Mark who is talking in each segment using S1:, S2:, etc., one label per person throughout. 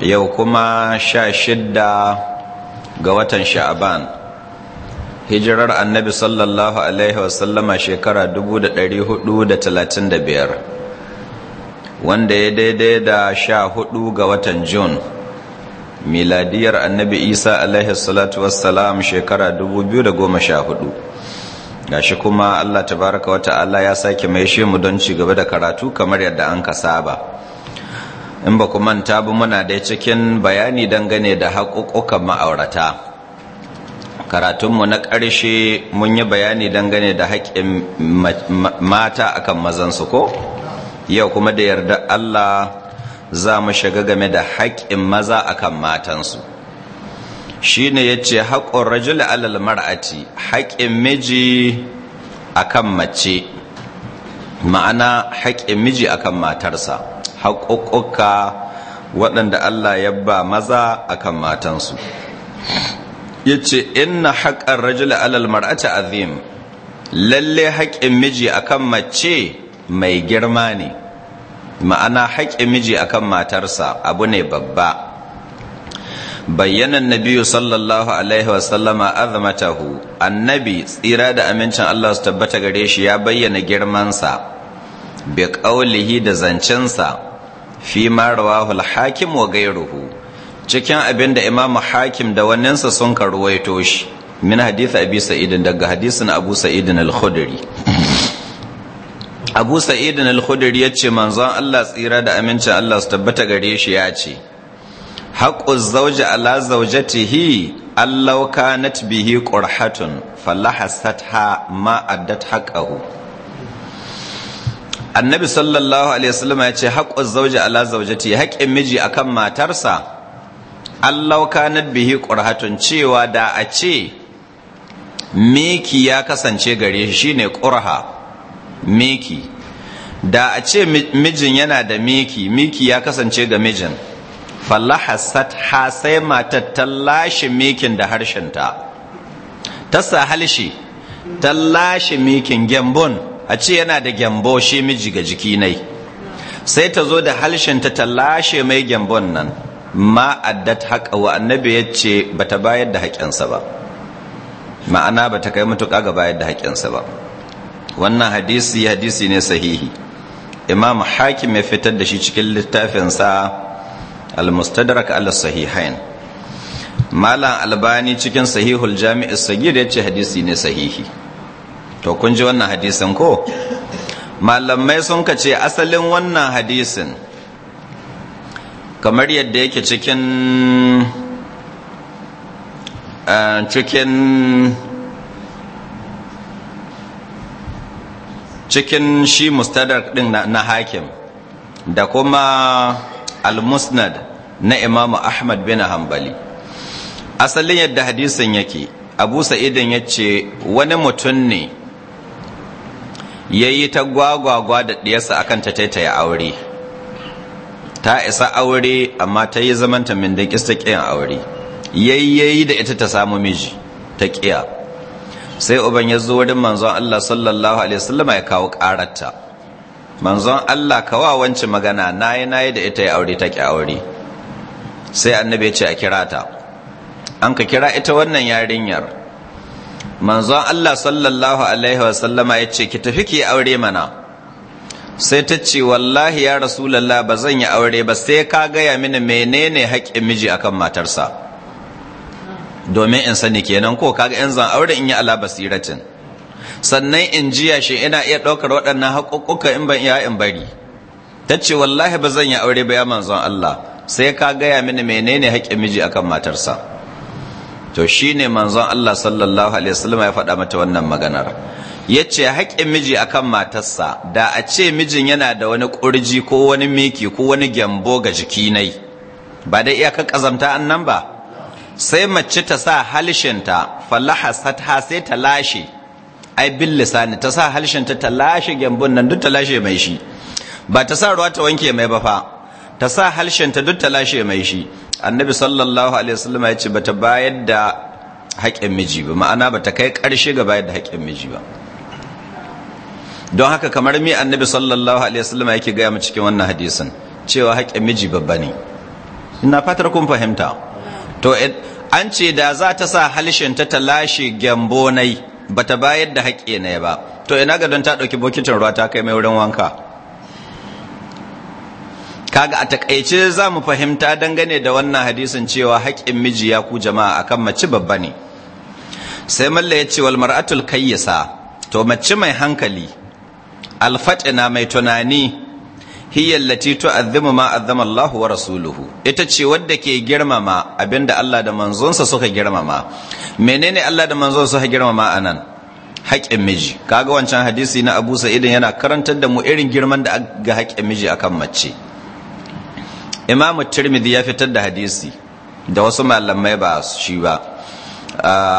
S1: yau kuma sha shidda ga watan sha'aban hijirar annabi sallallahu alaihi wasallama shekara 435 wanda ya daidai da sha hudu ga watan jun miladiyar annabi isa alaihi salatu wassalam shekara 2014 gashi kuma allah tabaraka wata allah ya sake mai shi mu don ci gaba da karatu kamar yadda an ka saba in ba ku manta ba muna da cikin bayani dangane da haƙuƙukan ma'aurata karatunmu na ƙarshe mun yi bayani dangane da haƙƙin mata akan mazansu ko yau kuma da yarda Allah za mu shiga game da haƙƙin maza akan matansu shi ne ya ce haƙƙun rajula alal mar'ati haƙƙin miji akan mace ma'ana haƙƙin miji akan matarsa haƙoƙoƙa waɗanda Allah ya ba maza akan matansu ya ce inna haƙƙar rajula alal mar'ata azim lalle haƙƙin miji akan mace mai girma ne ma'ana haƙƙin miji akan matarsa abu ne babba bayyanan nabiyu sallallahu alaihi wasallama azamatahu annabi tsira da amincin Allah su tabbata gare shi ya bayyana girmansa bi ƙaulihi da zancensa fi ma rawahu al-hakim wa ghayruhu cikin abinda da imamu hakim da waninsa sun karuwaito shi min hadith abi sa'id daga hadisin abu sa'id al-khudri abu sa'id al-khudri yace manzon Allah tsira da amincin Allah su tabbata gare shi ya ce haqqu zawji ala zawjatihi allau kanat bihi qurhatun falahasatha ma addat haqqahu annabi sallallahu alaihi wasallam ya ce haƙƙun zauji ala zaujati haƙƙin miji akan matarsa Allah kanat bihi qurhatun cewa da a ce miki ya kasance gare shi shine qurha miki da a ce mijin yana da miki miki ya kasance ga mijin fallahasat ha sai matar ta lashe mikin da harshenta ta sa halshi ta lashe mikin gembon a ce yana da gyambo shi miji ga jiki nai sai ta zo da halshen ta lashe mai gyambon nan ma addat haƙa wa annabi ya ce ba ta bayar da haƙƙinsa ba ma'ana ba ta kai matuƙa ga bayar da haƙƙinsa ba wannan hadisi hadisi ne sahihi imam hakim ya fitar da shi cikin littafinsa al-mustadrak al-sahihain malam albani cikin sahihul jami'is sagir ya ce hadisi ne sahihi to kun ji wannan hadisin ko malamai sun ka ce asalin wannan hadisin kamar yadda yake cikin eh, cikin cikin shi mustadar din na hakim da kuma al-musnad na imamu ahmad bin Hambali. asalin yadda hadisin yake abu sa'idin ya ce wani mutum ne ya yi ta gwagwagwa da ɗiyarsa akan ta taitaya aure ta isa aure amma ta yi zamanta min da ƙista ƙiyan aure yayyayi da ita ta samu miji ta ƙiya sai uban ya zo wurin manzon Allah sallallahu alaihi wasallama ya kawo ƙararta manzon Allah kawa wance magana nayi nayi da ita ya aure ta ƙi aure sai annabi ya ce a kira ta an ka kira ita wannan yarinyar manzon Allah sallallahu alaihi wasallama ya ce ki tafi ki aure mana sai ta ce wallahi ya rasulallah ba zan yi aure ba sai ka gaya mini menene haƙƙin miji akan matarsa domin in sani kenan ko kaga in zan aure in yi ala basiratin sannan in jiya shi ina iya ɗaukar waɗannan haƙuƙuka in ban iya in bari ta ce wallahi ba zan yi aure ba ya manzon Allah sai ka gaya mini menene haƙƙin miji akan matarsa to shi ne manzon Allah sallallahu alaihi wasallam ya faɗa mata wannan maganar Ya ce haƙƙin miji akan matarsa da a ce mijin yana da wani ƙurji ko wani miki ko wani gyambo ga jiki nai ba da iyakar ƙazamta annan ba sai mace ta sa halshinta falahasatha sai ta lashe ai bin lisani ta sa halshinta ta lashe gyambon nan duk ta lashe mai shi ba ta sa ruwa ta wanke mai ba fa ta sa halshinta duk ta lashe mai shi annabi sallallahu alaihi wasallam ya ce bata bayar da haƙƙin miji ba ma'ana bata kai ƙarshe ga bayar da haƙƙin miji ba don haka kamar mi annabi sallallahu alaihi wasallam yake gaya mu cikin wannan hadisin cewa haƙƙin miji babba ne ina fatar kun fahimta to an ce da za ta sa halishin ta lashe gyambo nai bata bayar da haƙƙi ne ba to ina ga don ta ɗauki bokitin ruwa ta kai mai wurin wanka kaga a takaice za mu fahimta dangane da wannan hadisin cewa haƙƙin miji ya ku jama'a akan mace babba ne sai malla ya ce wal mar'atul kayyasa, to mace mai hankali alfatina mai tunani Hiyar to azzimu ma azzama Allahu wa rasuluhu ita ce wadda ke girmama abinda Allah da manzonsa suka girmama menene Allah da manzon suka girmama nan haƙƙin miji kaga wancan hadisi na Abu sa'idin yana karantar da mu irin girman da ga haƙƙin miji akan mace imamu tirmidhi ya fitar da hadisi da wasu malamai ba su shi ba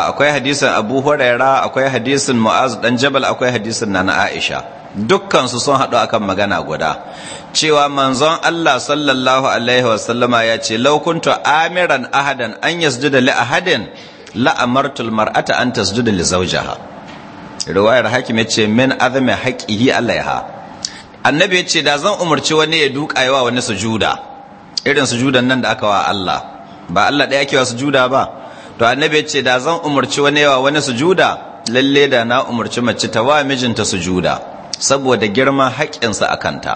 S1: akwai hadisin abu huraira akwai hadisin mu'az dan jabal akwai hadisin na na aisha dukkansu sun haɗu akan magana guda cewa manzon Allah sallallahu alaihi wa sallama ya ce kuntu amiran ahadan an yasjuda li ahadin amartul mar'ata an tasjuda li zawjaha riwayar hakim ya ce min azmi haqqihi alaiha annabi ya ce da zan umarci wani ya duka yawa wani sujuda irin sujudan nan da aka wa Allah ba Allah ɗaya kewa sujuda ba to annabi ya ce da zan umarci wani yawa wani sujuda lalle da na umarci mace ta wa mijinta sujuda saboda girman haƙƙinsa a kanta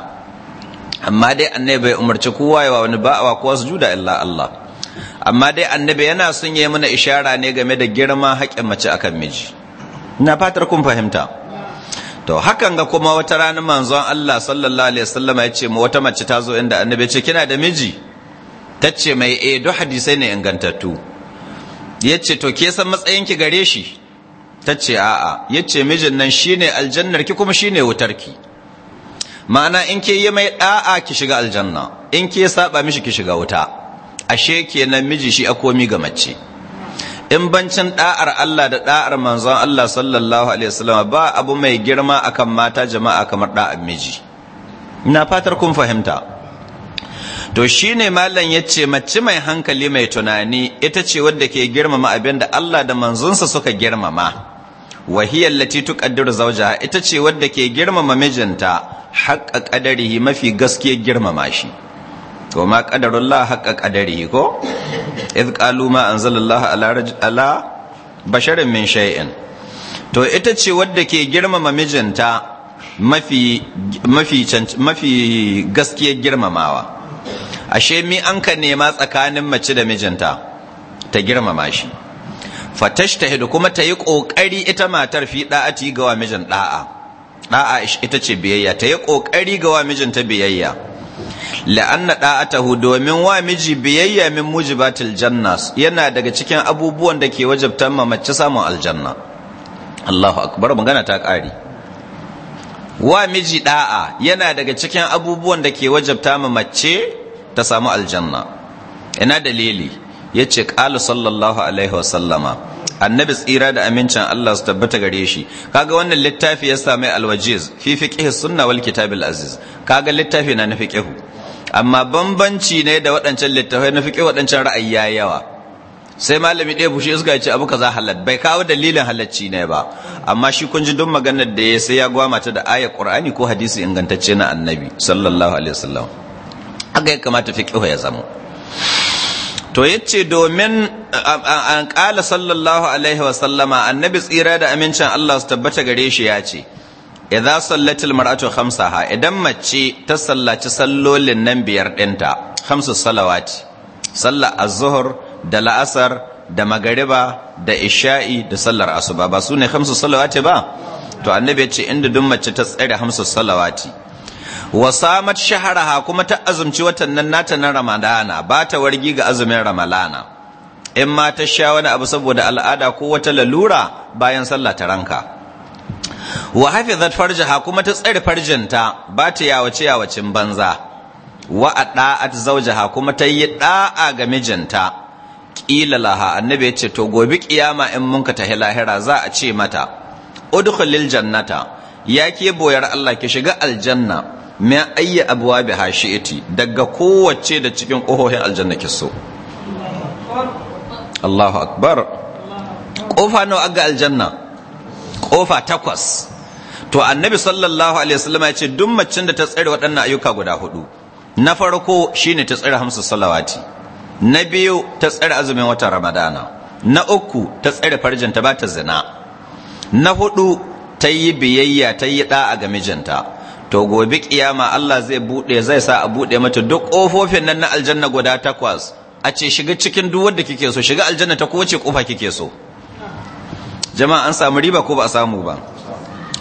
S1: amma dai annabi bai umarci kowa yawa wani ba wa kowa sujuda illa Allah amma dai annabi yana son yi mana ishara ne game da girman haƙƙin mace akan miji ina fatar kun fahimta to hakan ga kuma wata ranar manzon Allah sallallahu alaihi wasallam ya ce wata mace ta zo inda annabi ya ce kina da miji ta ce mai eh duk hadisai ne ingantattu ya ce to ke san matsayin ki gare shi ta ce a'a ya ce mijin nan shine aljannar ki kuma shine wutar ki ma'ana in ke yi mai da'a ki shiga aljanna in ke saba mishi ki shiga wuta ashe kenan miji shi a komi ga mace in bancin da'ar Allah da da'ar manzon Allah sallallahu alaihi wasallam ba abu mai girma akan mata jama'a kamar da'ar miji ina fatar kun fahimta to shine mallan yace mace mai hankali mai tunani ita ce wadda ke girmama abin da Allah da manzonsa suka girmama wahiyar allati tuqaddiru zawjaha ita ce wadda ke girmama mijinta haqqa qadarihi mafi gaskiya girmama shi to ma la haƙa ƙadari ko iz qalu ma anzalallahu ala ala basharin min shay'in to ita ce wadda ke girmama mijinta mafi mafi mafi gaskiyar girmamawa ashe mi an ka nema tsakanin mace da mijinta ta girmama shi hidu kuma ta yi kokari ita matar fi da'ati ga wa mijin da'a da'a ita ce biyayya ta yi kokari ga wa mijinta biyayya la'anna da'atahu domin wa miji biyayya min mujibatil janna yana daga cikin abubuwan da ke wajabtan mace samun aljanna Allahu akbar magana ta kare wa miji da'a yana daga cikin abubuwan da ke wajabta mace ta samu aljanna ina dalili yace qala sallallahu alaihi wasallama annabi tsira da amincin Allah su tabbata gare shi kaga wannan littafi ya sami alwajiz fi fiqh sunna wal kitabil aziz kaga littafi na na fiqh amma bambanci ne da waɗancan littafai na fiqh waɗancan ra'ayi ya yawa sai malami ɗaya bushe suka ce abu kaza halal bai kawo dalilin halacci ne ba amma shi kun ji duk maganar da ya sai ya gwamata da ayar qur'ani ko hadisi ingantacce na annabi sallallahu alaihi wasallam haka ya kamata fiqh ya zama to yace domin an ƙala sallallahu alaihi wasallama annabi tsira da amincin Allah su tabbata gare shi ya ce idza sallatil mar'atu khamsaha idan mace ta sallaci sallolin nan biyar dinta khamsu salawati sallar az-zuhr da la'asar da magariba da isha'i da sallar asuba ba su ne khamsu salawati ba to annabi ya ce inda duk mace ta tsare khamsu salawati wa samat shaharaha kuma ta azumci watan nan nata na ramadana ba ta wargi ga azumin ramalana in ma ta sha wani abu saboda al'ada ko wata lalura bayan sallah ta ranka wa hafizat farjaha kuma ta tsare farjinta ba ta yawace yawacin banza wa da'at zawjaha kuma ta yi da'a ga mijinta kila laha annabi yace to gobe kiyama in munka ta lahira za a ce mata udkhulil jannata ya ke boyar Allah ki shiga aljanna ma ayya abuwa bi iti, daga kowace da cikin ƙohohin aljanna ke so Allahu akbar ƙofa nawa aga aljanna ƙofa takwas to annabi sallallahu alaihi wasallam ya ce duk macin da ta tsare waɗannan ayyuka guda hudu na farko shine ta tsare hamsu salawati na biyu ta tsare azumin watan ramadana na uku ta tsare farjin ta ba ta zina na hudu ta yi biyayya ta yi da'a ga mijinta to gobe kiyama Allah zai bude zai sa a bude mata duk kofofin nan na aljanna guda takwas a ce shiga cikin duk wanda kike so shiga aljanna ta kowace kofa kike so jama'a an samu riba ko ba a samu ba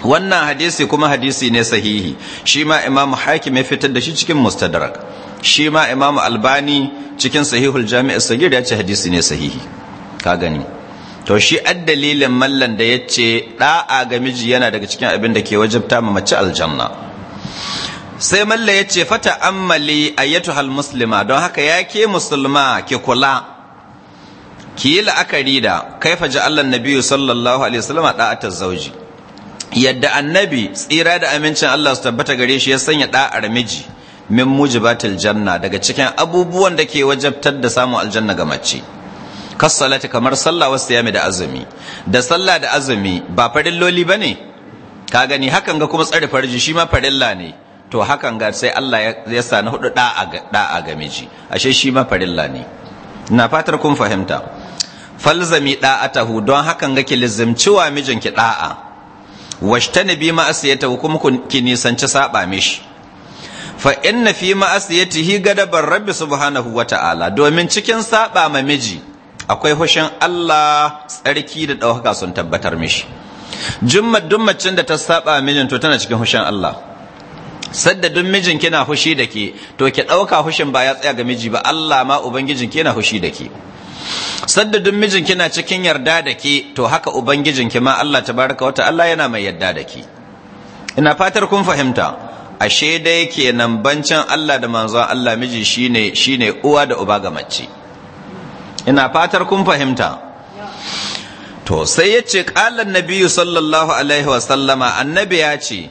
S1: wannan hadisi kuma hadisi ne sahihi shi ma Imam hakim ya fitar da shi cikin mustadrak shi ma Imam albani cikin sahihul as sagir ya ce hadisi ne sahihi ka gani to shi addalilin mallan da yace ce ɗa'a ga miji yana daga cikin abin da ke wajabta ma mace aljanna sai malla ya ce fata ammali hal muslima don haka ya ke musulma ki kula ki yi la'akari da kaifa na biyu sallallahu alaihi wasallam da'atar zauji yadda annabi tsira da amincin Allah su tabbata gare shi ya sanya da'ar miji min mujibatil janna daga cikin abubuwan da ke wajabtar da samun aljanna ga mace kassalati kamar sallah wasu yami da azumi da sallah da azumi ba farilloli ba ne ka gani hakan ga kuma tsari farji shi ma farilla ne to hakan ga sai Allah ya sani hudu da'a ga miji ashe shi ma farilla ne na fatar kun fahimta falzami da'atahu don hakan ga ki lizimciwa mijinki da'a washtanibi ma'asiyatahu kuma ki nisanci saba mishi fa inna fi hi gadabar rabbi subhanahu wata'ala domin cikin saba ma miji akwai hushin Allah tsarki da dauka sun tabbatar mishi jumma dummacin da ta saba mijin to tana cikin hushin Allah sadda duk mijin kina hushi da ke to ki ɗauka hushin ba ya tsaya ga miji ba Allah ma ubangijin kina hushi da ke sadda duk mijin kina cikin yarda da ke to haka ubangijin ki ma Allah tabaraka wata Allah yana mai yarda da ke ina fatar kun fahimta ashe dai kenan bancin Allah da manzon Allah miji shine shine uwa da uba ga mace ina fatar kun fahimta to sai yace qala annabi sallallahu alaihi wa sallama annabi ya ce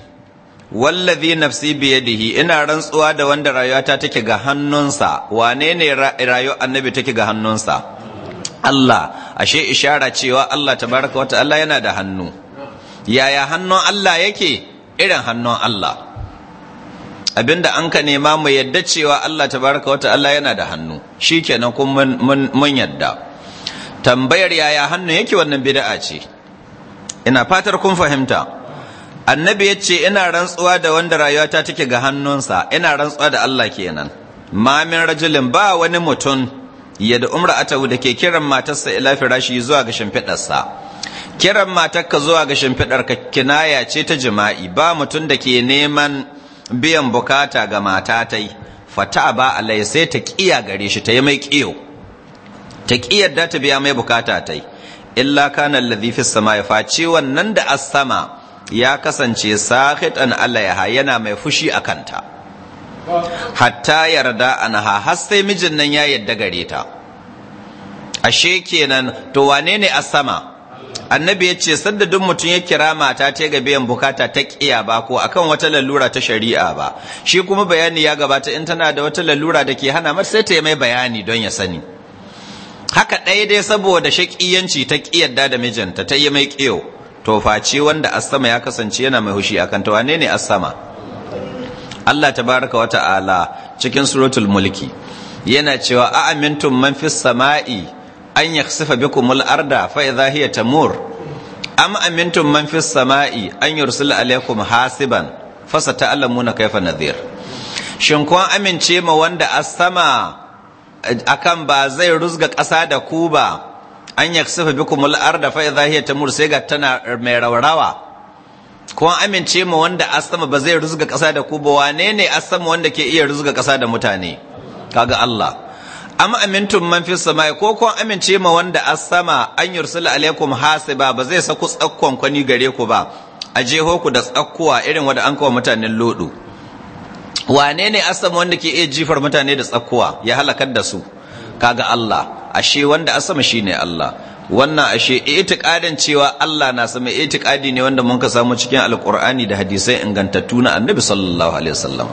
S1: wallazi nafsi biyadihi ina rantsuwa da wanda rayuwata take ga hannunsa wane ne rayuwar annabi take ga hannunsa Allah ashe ishara cewa Allah tabaraka wa ta'ala yana da hannu yaya hannun Allah yake irin hannun Allah abinda an ka nema mu yadda cewa Allah tabaraka wa ta'ala yana da hannu shikenan kun mun yadda tambayar yaya hannu yake wannan bid'a ce ina fatar kun fahimta annabi ya ce ina rantsuwa da wanda rayuwata take ga hannunsa ina rantsuwa da Allah kenan Mamin rajulin ba wani mutum ya da umra atahu da ke kiran matarsa ila firashi zuwa ga shimfiɗarsa kiran matarka zuwa ga shimfiɗarka kinaya ce ta jima'i ba mutum da ke neman biyan bukata ga matatai fata ba alai sai ta kiya gare shi ta yi mai kiyo ta kiyar da ta biya mai bukata tai illa kana allazi fis sama ya faci wannan da asama. sama ya kasance ya ha yana mai fushi a kanta hatta yarda anha har sai mijin nan ya yadda gare ta ashe kenan to wane ne asama annabi ya ce sanda duk mutum ya kira mata ta ga biyan bukata ta kiya ba ko akan wata lalura ta shari'a ba shi kuma bayani ya gabata in tana da wata lalura da ke hana mata sai ta yi mai bayani don ya sani haka ɗaya dai saboda shakiyanci ta ƙiyarda da mijinta ta yi mai kiyo to face wanda asama ya kasance yana mai hushi akan ta wane ne asama Allah tabaraka wa ta'ala cikin suratul mulki yana cewa a amintum man fis sama'i an yakhsifa al arda fa idha hiya tamur am amintum man fis sama'i an yursil alaykum hasiban sata'lamuna kayfa nadhir shin kun amince ma wanda asama eh, akan ba zai ruzga kasa da ku ba an yaksufa bikum al-arda fa idha hiya ta sai ga tana mai raurawa ko an amince mu wanda asama ba zai ruzga kasa da ku ba wane ne asama wanda ke iya ruzga kasa da mutane kaga Allah amma amintun man fis samai ko kun amince ma wanda asama an yursila alaikum hasiba ba zai saku tsakkon kwani gare ku ba a jeho ku da tsakkuwa irin wanda an kawo mutanen lodu wane ne asama wanda ke iya jifar mutane da tsakkuwa ya halakar da su kaga Allah ashe wanda a sama shine Allah wannan ashe itiqadin cewa Allah na sama itiqadi ne wanda mun ka samu cikin alqur'ani da hadisai ingantattu na annabi sallallahu alaihi wasallam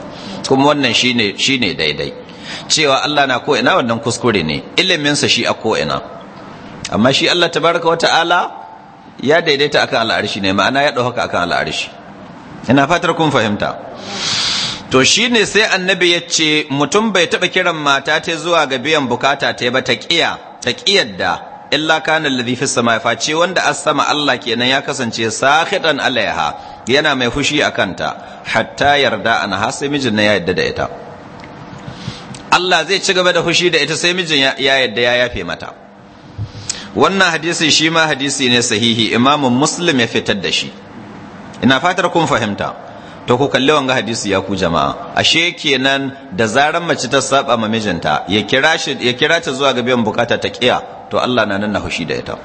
S1: kuma wannan shine shine daidai cewa Allah na ko ina wannan kuskure ne ilimin sa shi a ko ina amma shi Allah tabaraka wa ta'ala ya daidaita akan al'arshi ne ma'ana ya dauka akan al'arshi ina fatar kun fahimta to shi ne sai annabi ya ce mutum bai taɓa kiran mata ta zuwa ga biyan bukata ta ba ta ƙiya ta da, illa kana alladhi fis sama face wanda as sama Allah kenan ya kasance sahidan alaiha yana mai fushi a kanta, hatta yarda an har sai mijin ya yarda da ita Allah zai ci gaba da fushi da ita sai mijin ya yarda ya yafe mata wannan hadisi shi ma hadisi ne sahihi imamu muslim ya fitar da shi ina fatar kun fahimta to ku kalli wanga hadisi ya ku jama'a ashe kenan da zaran mace ta saba ma mijinta ya kira shi ya kira ta zuwa ga biyan bukata ta kiya to Allah na nan na hushi da ita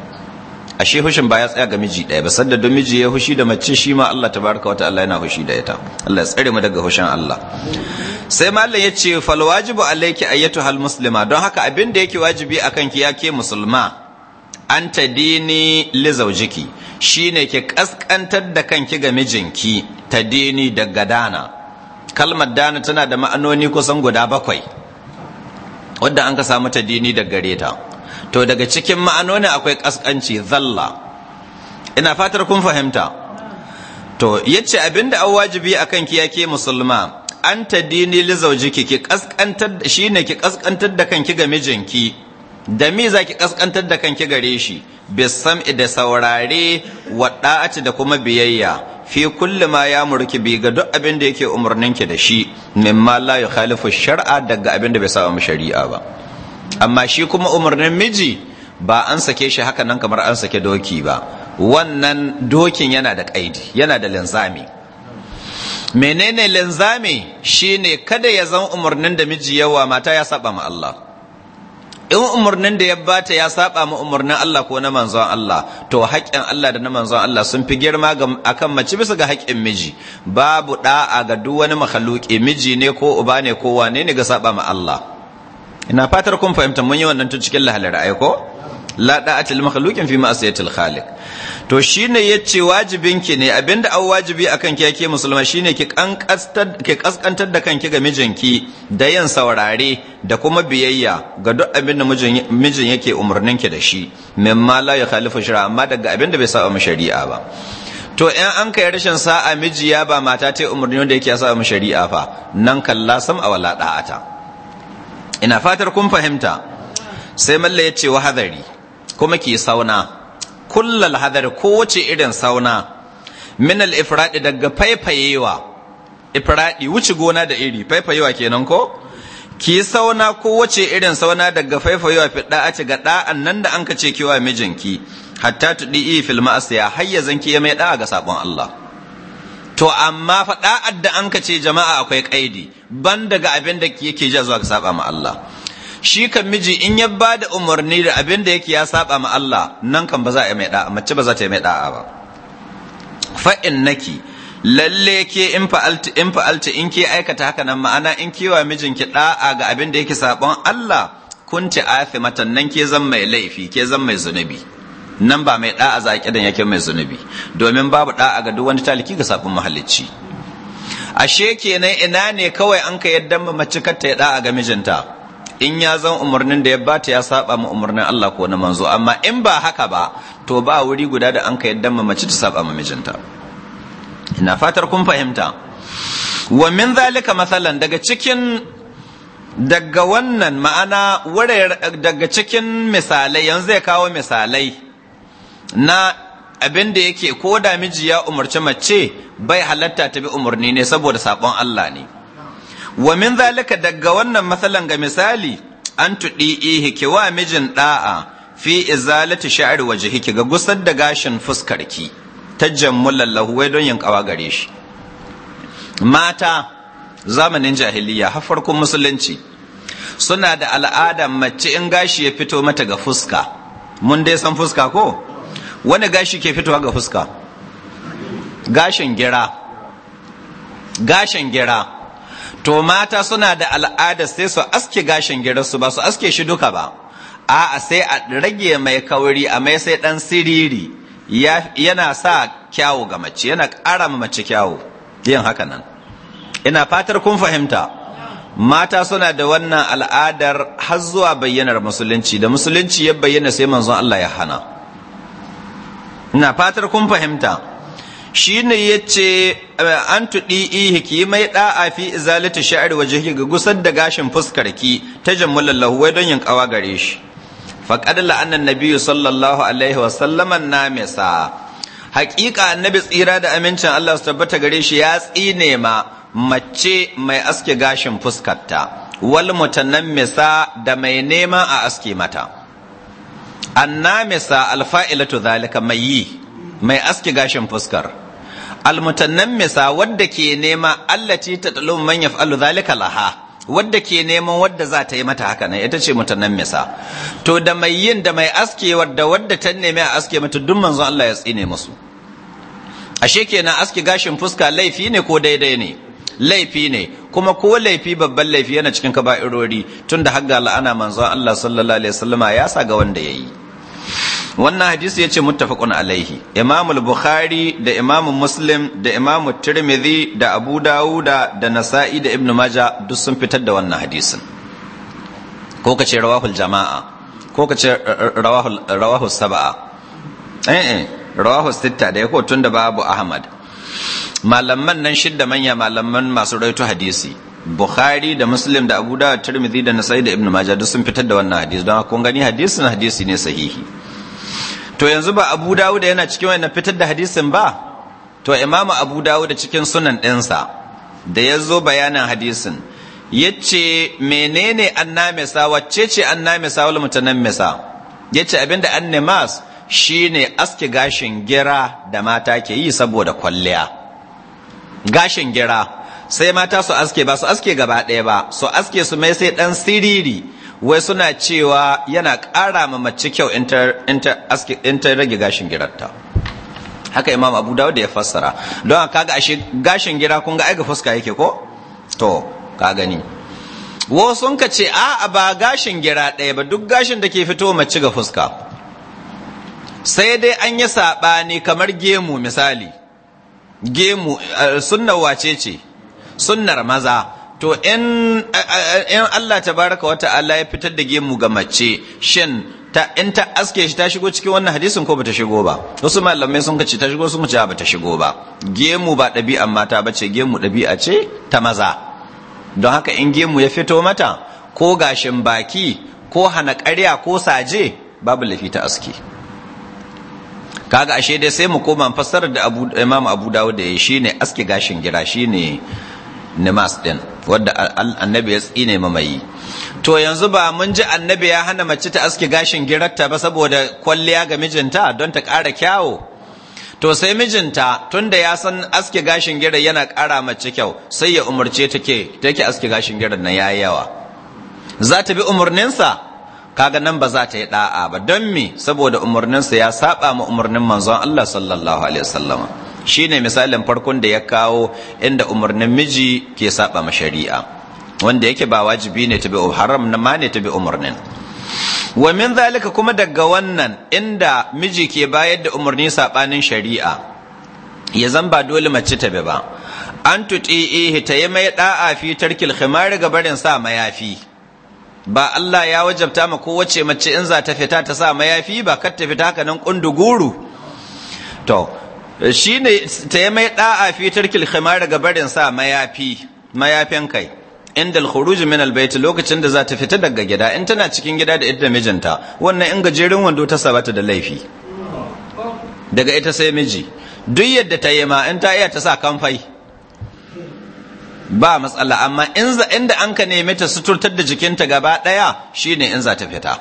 S1: ashe hushin ba ya tsaya ga miji ɗaya ba sadda don miji ya hushi da mace shi ma Allah tabaraka wata Allah yana hushi da ita Allah ya tsare mu daga hushin Allah sai mallan ya ce fal wajibu alayki hal muslima don haka abin da yake wajibi akan ki ya ke musulma anta dini li zaujiki shine ki kaskantar da kanki ga mijinki ta dini daga dana kalmar dana tana da ma'anoni kusan guda bakwai wadda an ka samu ta dini da gare ta to daga cikin ma'anoni akwai kaskanci zalla ina fatar kun fahimta to yace abinda an wajibi akan ki yake musulma an ta dini li zaujiki ki kaskantar da kanki ga mijinki da za zaki kaskantar da kanki gare shi bisam da saurare wa da'ati da kuma biyayya fi kulli ma ya murki bi ga duk abin da yake umarnin ki da shi mimma la yukhalifu shar'a daga abin da bai saba mu shari'a ba amma shi kuma umarnin miji ba an sake shi haka nan kamar an sake doki ba wannan dokin yana da kaidi yana da linzami menene linzami shine kada ya zama umarnin da miji yawa mata ya saba ma Allah in umarnin da ya bata ya saba ma umarnin Allah ko na manzon Allah to haƙƙin Allah da na manzon Allah sun fi girma akan mace bisa ga haƙƙin miji babu da'a ga duk wani makhluki miji ne ko uba ne ko wane ne ga saba ma Allah ina fatar kun fahimta mun yi wannan tun cikin lahalar aiko la a lil makhluqin fi ma'siyatil khaliq to shine yace wajibin ki ne abinda au wajibi akan ki yake musulma shine ki kankastar ki kaskantar da kanki ga mijinki da yin saurare da kuma biyayya ga duk abinda mijin yake umurnin ki da shi mimma la yakhalifu shar'a amma daga abinda bai saba mu shari'a ba to in an kai rashin sa'a miji ya ba mata ta umarni wanda yake sa mu shari'a fa nan kalla sam a wala da'ata ina fatar kun fahimta sai malla ya ce wa hadari kuma ki sauna kullal hadar kowace irin sauna minal ifradi daga faifayewa ifradi wuce gona da iri faifayewa kenan ko ki sauna kowace irin sauna daga faifayewa fi da'a ci ga da'an nan da an ka ce kiwa mijinki hatta tudi fil ma'asiya hayya zanki ya mai da'a ga sabon Allah to amma fa da an ka ce jama'a akwai kaidi ban daga abin da yake ja zuwa ga saba ma Allah shi kan miji in ya ba da umarni da abin da yake ya saba ma Allah nan kan ba za a yi mai da'a mace ba za ta yi mai da'a ba fa naki lalle ke in fa'alta in fa'alta in ke aikata haka nan ma'ana in kewa mijinki da'a ga abin da yake sabon Allah kunti matan nan ke zan mai laifi ke zan mai zunubi nan ba mai da'a za ki dan yake mai zunubi domin babu da'a ga duk wani taliki ga sabon mahalicci ashe kenan ina ne kawai an ka yaddan mace kar ta yi da'a ga mijinta in ya zan umarnin da ya bata ya saba ma umarnin Allah ko na manzo amma in ba haka ba to ba wuri guda da an ka yadda mace ta saba ma mijinta ina fatar kun fahimta wa min zalika masalan daga cikin daga wannan ma'ana daga cikin misalai yanzu ya kawo misalai na abin da yake ko da miji ya umarci mace bai halatta ta bi umarni ne saboda sabon Allah ne wa min zalika daga wannan matsalan ga misali an tuɗi ihi ki wa mijin ɗa'a fi izalati sha'ar waje ki ga gusar da gashin fuskarki ta jammulan lahuwai don yin kawa gare shi mata zamanin jahiliya har farkon musulunci suna da al'ada mace in gashi ya fito mata ga fuska mun dai san fuska ko wani gashi ke fitowa ga fuska gashin gira gashin gira to mata suna da al'ada sai su aske gashin girarsu ba su aske shi duka ba a'a sai a rage mai kauri a mai sai dan siriri yana sa kyawu ga mace yana ƙara ma mace kyawu yin haka nan ina fatar kun fahimta mata suna da wannan al'adar har zuwa bayyanar musulunci da musulunci ya bayyana sai manzon Allah ya hana ina fatar kun fahimta shi ne ya ce an tuɗi ihi ki mai ɗa'a fi izalata sha'ar waje ga gusar da gashin fuskar ki ta jammulan lahuwai don yin ƙawa gare shi la'anar la'annan nabiyu sallallahu alaihi wa sallaman na mesa haƙiƙa annabi tsira da amincin Allah su tabbata gare shi ya tsine ma mace mai aske gashin fuskarta wal mutannan mesa da mai nema a aske mata annamisa alfa'ilatu zalika mai yi mai aske gashin fuskar Almutannan misa wadda ke nema allati ta talum man fa'alu zalika laha wadda ke neman wadda za ta yi mata haka nan ita ce mutannan misa. to da mai yin da mai aske wadda wadda ta neme a aske mata duk manzon Allah ya tsine musu ashe kenan aske gashin fuska laifi ne ko daidai ne laifi ne kuma ko laifi babban laifi yana cikin kaba'irori tunda har la'ana manzo Allah sallallahu alaihi wasallama ya sa ga wanda yayi wannan hadisi ya ce muttafaqun alaihi imamu bukhari da imamu muslim da imamu tirmidhi da abu dawuda da nasa'i da ibnu maja duk sun fitar da wannan hadisin ko ka ce rawahul jama'a ko ka ce rawahul rawahul sab'a eh eh rawahul sitta da yako tunda babu ahmad malaman nan shidda manya malaman masu rawaito hadisi Bukhari da Muslim da Abu Dawuda, Tirmidhi da Nasa'i da Ibn Majah duk sun fitar da wannan hadisi don kun gani hadisin hadisi ne sahihi to yanzu ba abu dawud yana cikin wannan fitar da hadisin ba to imamu abu dawud cikin sunan ɗinsa da ya zo bayanin hadisin ya ce menene sa wacce ce annamisa wal misa? ya ce abinda shi shine aske gashin gira da mata ke yi saboda kwalliya gashin gira sai mata su aske ba su aske gaba ɗaya ba su aske su mai sai ɗan siriri wai suna cewa yana ƙara ma mace kyau in ta rage gashin girarta haka imam abu dawud ya fassara don kaga ashe gashin gira kun ga aiga fuska yake ko to ka gani wasu ka ce a ba gashin gira ɗaya ba duk gashin da ke fito mace ga fuska sai dai an yi saɓani kamar gemu misali gemu eh, sunna wace ce sunnar maza to in Allah ta baraka wata Allah ya fitar da gemu ga mace shin ta in ta aske shi ta shigo cikin wannan hadisin ko bata shigo ba wasu malamai sun kace ta shigo sun ce bata shigo ba gemu ba ɗabi'a mata bace gemu ɗabi'a ce ta maza don haka in gemu ya fito mata ko gashin baki ko hana ƙarya ko saje babu lafi ta aske kaga ashe dai sai mu koma fassarar da Imam Abu Dawud da ya shine aske gashin gira ne. nimas din wadda annabi ya tsine mamayi to yanzu ba mun ji annabi ya hana mace ta aske gashin girarta ba saboda kwalliya ga mijinta don ta ƙara kyawo to sai mijinta tunda ya san aske gashin girar yana ƙara mace kyau sai ya umarce ta ke ta ke aske gashin girar na yayi yawa za ta bi umarninsa kaga nan ba za ta yi da'a ba don me saboda umarninsa ya saba ma umarnin manzon Allah sallallahu alaihi wasallama shine misalin farkon da ya kawo inda umarnin miji ke saba ma shari'a wanda yake ba wajibi ne tabi um, haram na ma ne tabi umarnin wa min zalika kuma daga wannan inda miji ke bayar da umarni sabanin shari'a ya zan ba dole mace ta tabi ba an ihi ta yi mai da'a fi tarkil khimar ga barin sa mayafi ba Allah ya wajabta ma kowace mace in za ta fita ta sa mayafi ba kar ta fita haka nan kunduguru to shi ne ta yi mai ɗa'a fi tarkil daga barin sa mayafi mayafin kai inda al min al lokacin da za ta fita daga gida in tana cikin gida da idda mijinta wannan in gajerin wando ta sabata da laifi daga ita sai miji duk yadda ta yi ma in ta iya ta sa kamfai ba matsala amma inda an ka nemi ta suturtar da jikinta gaba ɗaya shine in za ta fita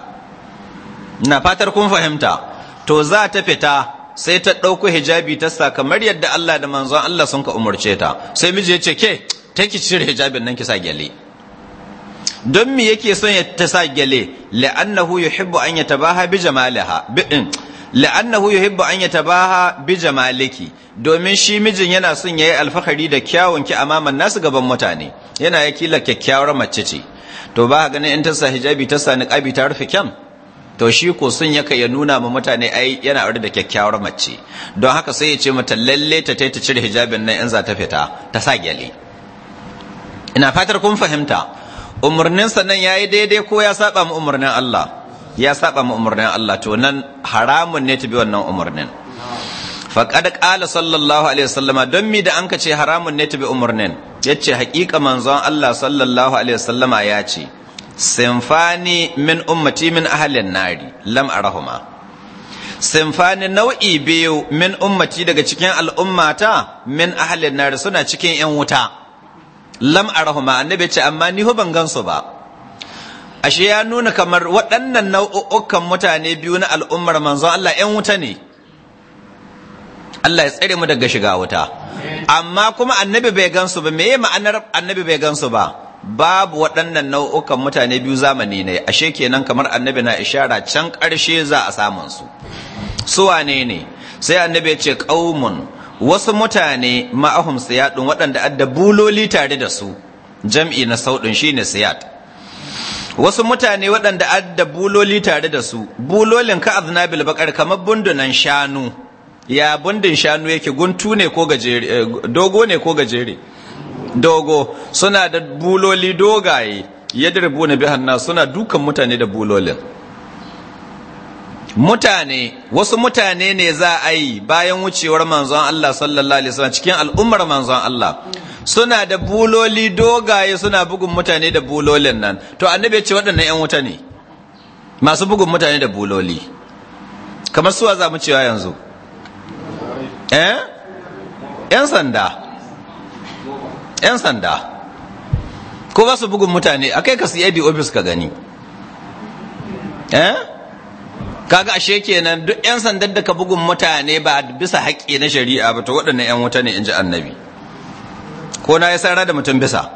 S1: na fatar kun fahimta to za ta fita sai ta ɗauko hijabi ta sa kamar yadda Allah da manzon Allah sun ka umarce ta sai miji ya ce ke ta cire hijabin nan ki sa gyale don me yake son ya ta sa gyale la'annahu yuhibbu an yatabaha bi jamaliha eh, la'annahu yuhibbu an yatabaha bi jamaliki domin shi mijin yana son yayi alfahari da kyawun ki amaman nasu gaban mutane yana yakila kyakkyawar mace ce to ba ganin in ta sa hijabi ta sa niqabi ta rufe kyan to shi ko sun yaka ya nuna ma mutane ai yana aure da kyakkyawar mace don haka sai ya ce mata lalle ta ta cire hijabin nan in za ta fita ta sa gyale ina fatar kun fahimta umarnin nan yayi daidai ko ya saba mu umarnin Allah ya saba mu umarnin Allah to nan haramun ne ta bi wannan umarnin faqad qala sallallahu alaihi wasallama don mi da an ka ce haramun ne ta bi umarnin yace hakika manzon Allah sallallahu alaihi wasallama ya ce sinfani min ummati min ahalin nari lam arahuma sinfani nau'i biyu min ummati daga cikin al'ummata min ahalin nari suna cikin yan wuta lam arahuma annabi ce amma ni ban gansu ba ashe ya nuna kamar waɗannan nau'ukan mutane biyu na al'ummar manzon Allah yan wuta ne Allah ya tsare mu daga shiga wuta amma kuma annabi bai gansu ba meye ma'anar annabi bai gansu ba babu waɗannan nau'ukan mutane biyu zamani ne ashe kenan kamar annabi na ishara can ƙarshe za a samun su su wane ne sai annabi ce ƙaumun wasu mutane ma'ahum siyaɗin waɗanda adda buloli tare da su jam'i na sauɗin shine siyad wasu mutane waɗanda adda buloli tare da su bulolin ka aznabil bakar kamar bundunan shanu ya bundun shanu yake guntu ne ko gajere eh, dogo ne ko gajere dogo suna da buloli dogaye yadda na bi hannu suna dukan mutane da bulolin mutane wasu mutane ne za a yi bayan wucewar manzon Allah sallallahu alaihi wasallam cikin al'ummar manzon Allah suna da buloli dogaye suna bugun mutane da bulolin nan to annabi ya ce waɗannan yan wuta ne masu bugun mutane da buloli kamar suwa za mu cewa yanzu eh yan sanda 'yan sanda ko ba su bugun mutane a kai ka su yadi ofis ka gani eh kaga ashe kenan duk 'yan sandan da ka bugun mutane ba bisa haƙƙi na shari'a ba to waɗannan 'yan wuta ne in ji annabi ko na ya sarara da mutum bisa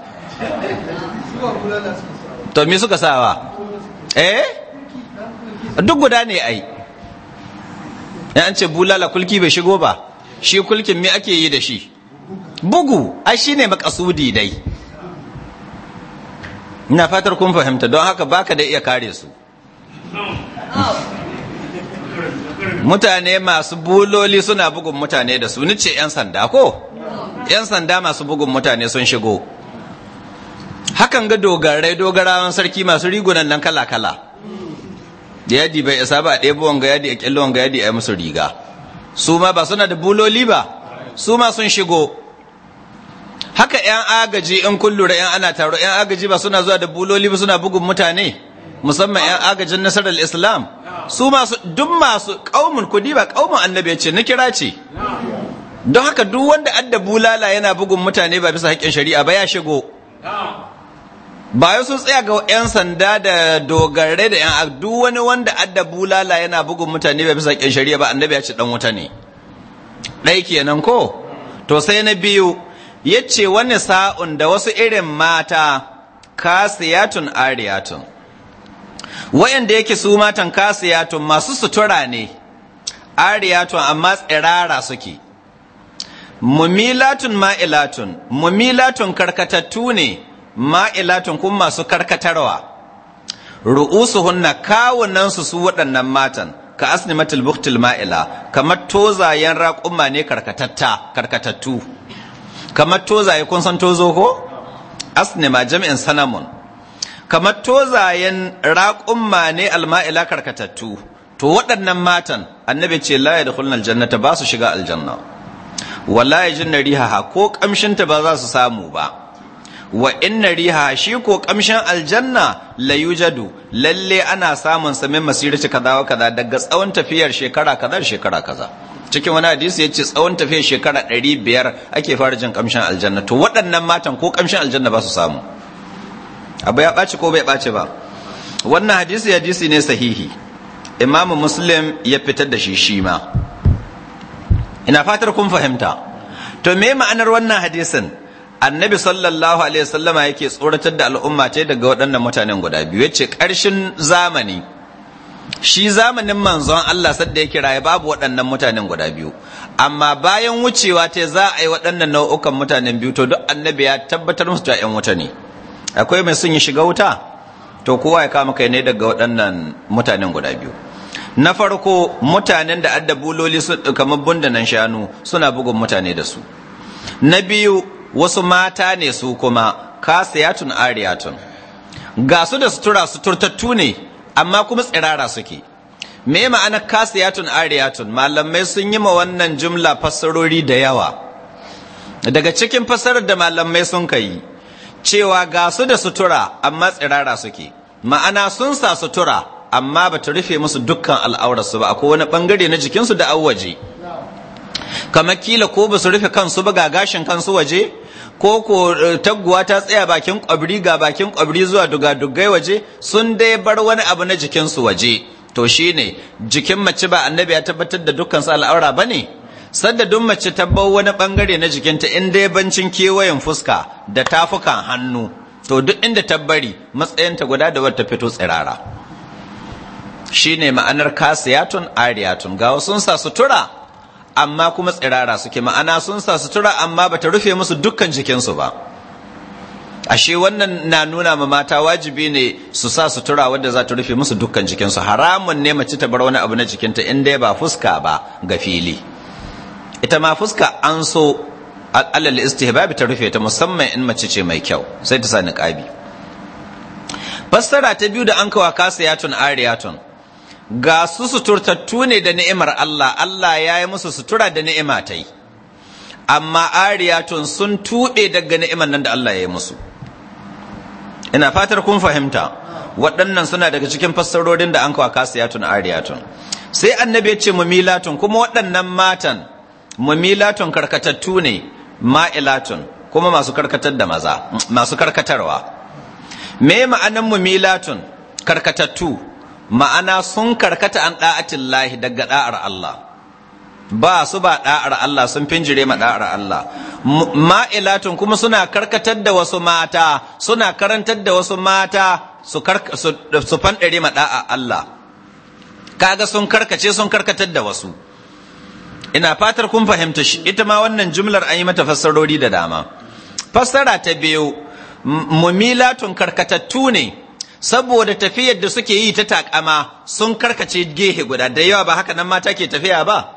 S1: to me suka sawa eh duk guda ne ai an ce bulala kulki bai shigo ba shi kulkin me ake yi da shi bugu ai shine makasudi dai ina fatar kun fahimta don haka baka da iya kare su mutane masu buloli suna bugun mutane da su nice 'yan sanda ko 'yan sanda masu bugun mutane sun shigo hakan ga dogarai dogarawan sarki masu rigunan nan kala-kala yadi bai isa ba a ɗebuwan ga yadi a ƙillon ga yadi a musu riga su ma ba suna da buloli ba su ma sun shigo haka 'yan agaji in kullura 'yan ana taro 'yan agaji ba suna zuwa da buloli ba suna bugun mutane musamman 'yan agajin nasarar islam su masu duk masu ƙaumin kudi ba ƙaumin annabi ce na kira ce don haka duk wanda adda bulala yana bugun mutane ba bisa haƙƙin shari'a ba ya shigo Bayan sun tsaya ga 'yan sanda da dogare da 'yan duk wani wanda adda bulala yana bugun mutane ba bisa haƙƙin shari'a ba annabi ya ce dan wuta ne ɗaya kenan ko to sai na biyu yace wani sa'un da wasu irin mata kasiyatun ariyatun wayanda yake su matan kasiyatun masu sutura ne ariyatun amma tsirara suke mumilatun ma'ilatun mumilatun karkatattu ne ma'ilatun kuma masu karkatarwa hunna kawunansu su waɗannan matan ka asnimatul buktil ma'ila kamar tozayen raƙumma ne karkatattu kamar tozaye kun san tozo ko asnima jami'in sanamun kamar tozayen raƙumma ne alma'ila karkatattu to waɗannan matan annabi ce la da khulna aljannata ba su shiga aljanna wala yajinna rihaha ko kamshinta ba za su samu ba wa inna riha shi ko kamshin aljanna la yujadu lalle ana samun sa min masirati kaza wa kaza daga tsawon tafiyar shekara kaza shekara kaza cikin wani hadisi yace tsawon tafiya shekara ɗari 500 ake fara jin kamshin aljanna to waɗannan matan ko kamshin aljanna ba su samu abu ya ɓaci ko bai ɓaci ba wannan hadisi hadisi ne sahihi imamu muslim ya fitar da shi shi ma ina fatar kun fahimta to me ma'anar wannan hadisin annabi sallallahu alaihi wasallama yake tsoratar da al'umma ce daga waɗannan mutanen guda biyu yace ƙarshen zamani shi zamanin manzon Allah sadda yake raye babu waɗannan mutanen guda biyu amma bayan wucewa ta za a yi waɗannan nau'ukan mutanen biyu to duk annabi ya tabbatar musu ta wuta ne akwai mai sun yi shiga wuta to kowa ya kama kai ne daga waɗannan mutanen guda biyu na farko mutanen da adda buloli su kamar bundunan shanu suna bugun mutane da su na biyu wasu mata ne su kuma kasiyatun ariyatun ga su da sutura suturtattu ne amma kuma tsirara suke me ma'anar kasiyatun ariyatun malamai sun yi ma wannan jumla fassarori da yawa daga cikin fassarar da malamai sun kai cewa ga su da sutura amma tsirara suke ma'ana sun sa sutura amma ba ta rufe musu dukkan al'aurarsu ba akwai wani bangare na jikinsu da an waje kamar kila ko ba su rufe kansu ba ga gashin kansu waje ko ko eh, taguwa ta tsaya bakin kwabri ga bakin kwabri zuwa dugadugai waje sun dai bar wani abu na jikinsu waje to shine jikin mace ba annabi ya tabbatar da dukkan su al'aura bane sadda duk mace ta bar wani bangare na jikinta in dai bancin kewayen fuska da tafukan hannu to duk inda ta bari matsayinta guda da wata fito tsirara shine ma'anar kasiyatun ariyatun ga wasu sa sutura amma kuma tsirara suke ma'ana sun sa sutura amma bata rufe musu dukkan jikinsu ba ashe wannan na nuna ma mata wajibi ne su sa sutura wadda za ta rufe musu dukkan jikinsu haramun ne mace ta bar wani abu na jikinta in dai ba fuska ba ga fili ita ma fuska an so alal istihbabi ta rufe ta musamman in mace ce mai kyau sai ta sa niqabi fassara ta biyu da an kawa kasiyatun ariyatun ga su suturtattu ne da ni'imar Allah Allah ya yi musu sutura da ni'ima ta yi amma ariyatun sun tuɓe daga ni'imar nan da Allah ya yi musu ina fatar kun fahimta waɗannan suna daga cikin fassarorin da an kawo kasiyatun ariyatun sai annabi ya ce milatun kuma waɗannan matan mu mumilatun karkatattu ne ma'ilatun kuma masu karkatar da maza masu karkatarwa me ma'anan milatun karkatattu ma'ana sun karkata an da'atin lahi daga da'ar Allah ba su ba da'ar Allah sun finjire ma da'ar Allah ma'ilatun kuma suna karkatar da wasu mata suna karantar da wasu mata su su fandare ma da'a Allah kaga sun karkace sun karkatar da wasu ina fatar kun fahimta shi ita ma wannan jumlar an yi mata fassarori da dama fassara ta biyu mumilatun karkatattu ne saboda tafiyar da suke yi ta takama sun karkace gehe guda da yawa ba haka nan mata ke tafiya ba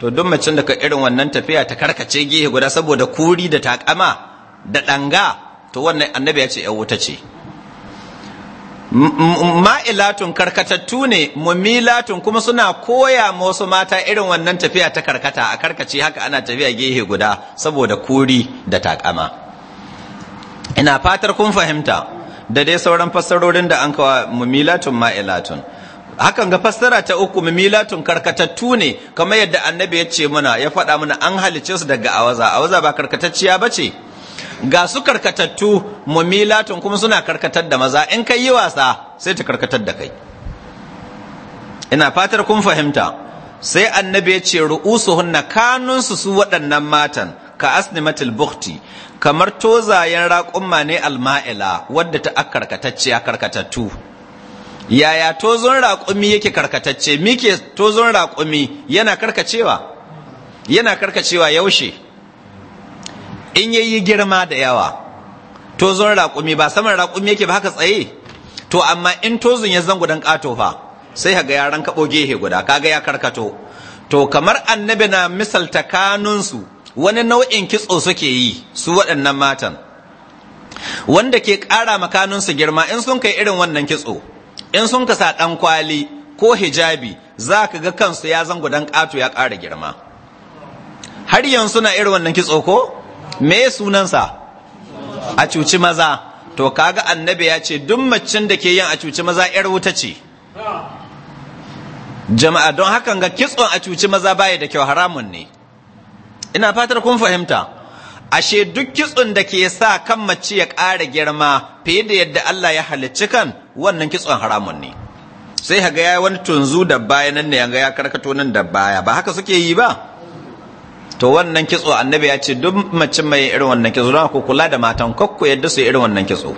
S1: to duk mace da ka irin wannan tafiya ta karkace gehe guda saboda kuri da takama da danga to wannan annabi ya ce yan wuta ce ma'ilatun karkatattu ne mumilatun kuma suna koya ma wasu mata irin wannan tafiya ta karkata a karkace haka ana tafiya gehe guda saboda kuri da takama ina fatar kun fahimta da dai sauran fassarorin da an kawo mumilatun ma'ilatun hakan ga fassara ta uku mumilatun karkatattu ne kamar yadda annabi ya ce muna ya faɗa mana an halice su daga awaza awaza ba karkatacciya ba ce ga su karkatattu mumilatun kuma suna karkatar da maza in kai yi wasa sai ta karkatar da kai ina fatar kun fahimta sai annabi ya ce ru'usuhunna kanunsu su waɗannan matan ka asnimatil Bukti, kamar tozayen raƙumma ne alma'ila wadda ta karkatacce a karkatattu yaya tozon raƙumi yake karkatacce mike tozon raƙumi yana karkacewa yana karkacewa yaushe in yayi girma da yawa tozon raƙumi ba saman raƙumi yake ba haka tsaye to amma in tozon ya zangudan ƙato fa sai haga ga yaran kaɓo gehe guda kaga ya karkato to kamar annabi na misalta kanunsu wani nau'in kitso suke yi su waɗannan matan wanda ke ƙara makaninsu girma in sun kai irin wannan kitso in sun ka sa ɗan kwali ko hijabi za ka ga kansu ya zango dan ƙato ya ƙara girma har yanzu na irin wannan kitso ko me sunansa a cuci maza to kaga annabi ya ce duk macin da ke yin a cuci maza yar wuta ce jama'a don hakan ga kitson a cuci maza baya da kyau haramun ne ina fatar kun fahimta ashe duk kitson da ke sa kan mace ya ƙara girma fiye da yadda Allah ya halicci kan wannan kitson haramun ne sai haga ya wani tunzu da baya nan ne yanga ya karkato nan da baya ba haka suke yi ba to wannan kitso annabi ya ce duk mace mai irin wannan kitso don ku kula da matan kokko yadda su irin wannan kitso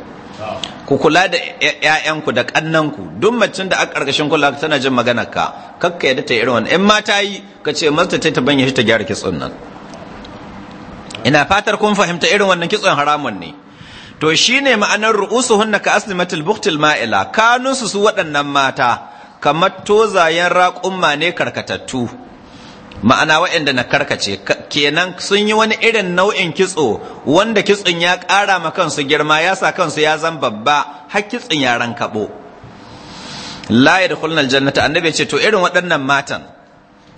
S1: ku kula da ƴaƴanku da ƙannanku duk macin da aka ƙarƙashin kula tana jin maganar ka kakka yadda ta irin wannan in ma yi ka ce masta ta ta banya shi ta gyara kitson nan ina fatar kun fahimta irin wannan kitson haramun ne to shine ma'anar ru'usuhunna ka aslimatul buhtil ma'ila kanunsu su waɗannan mata kamar tozayen raƙumma ne karkatattu ma'ana waɗanda na karkace kenan sun yi wani irin nau'in kitso wanda kitson ya ƙara ma kansu girma ya sa kansu ya zan babba har kitson ya rankaɓo la yadkhuluna jannata annabi ce to irin waɗannan matan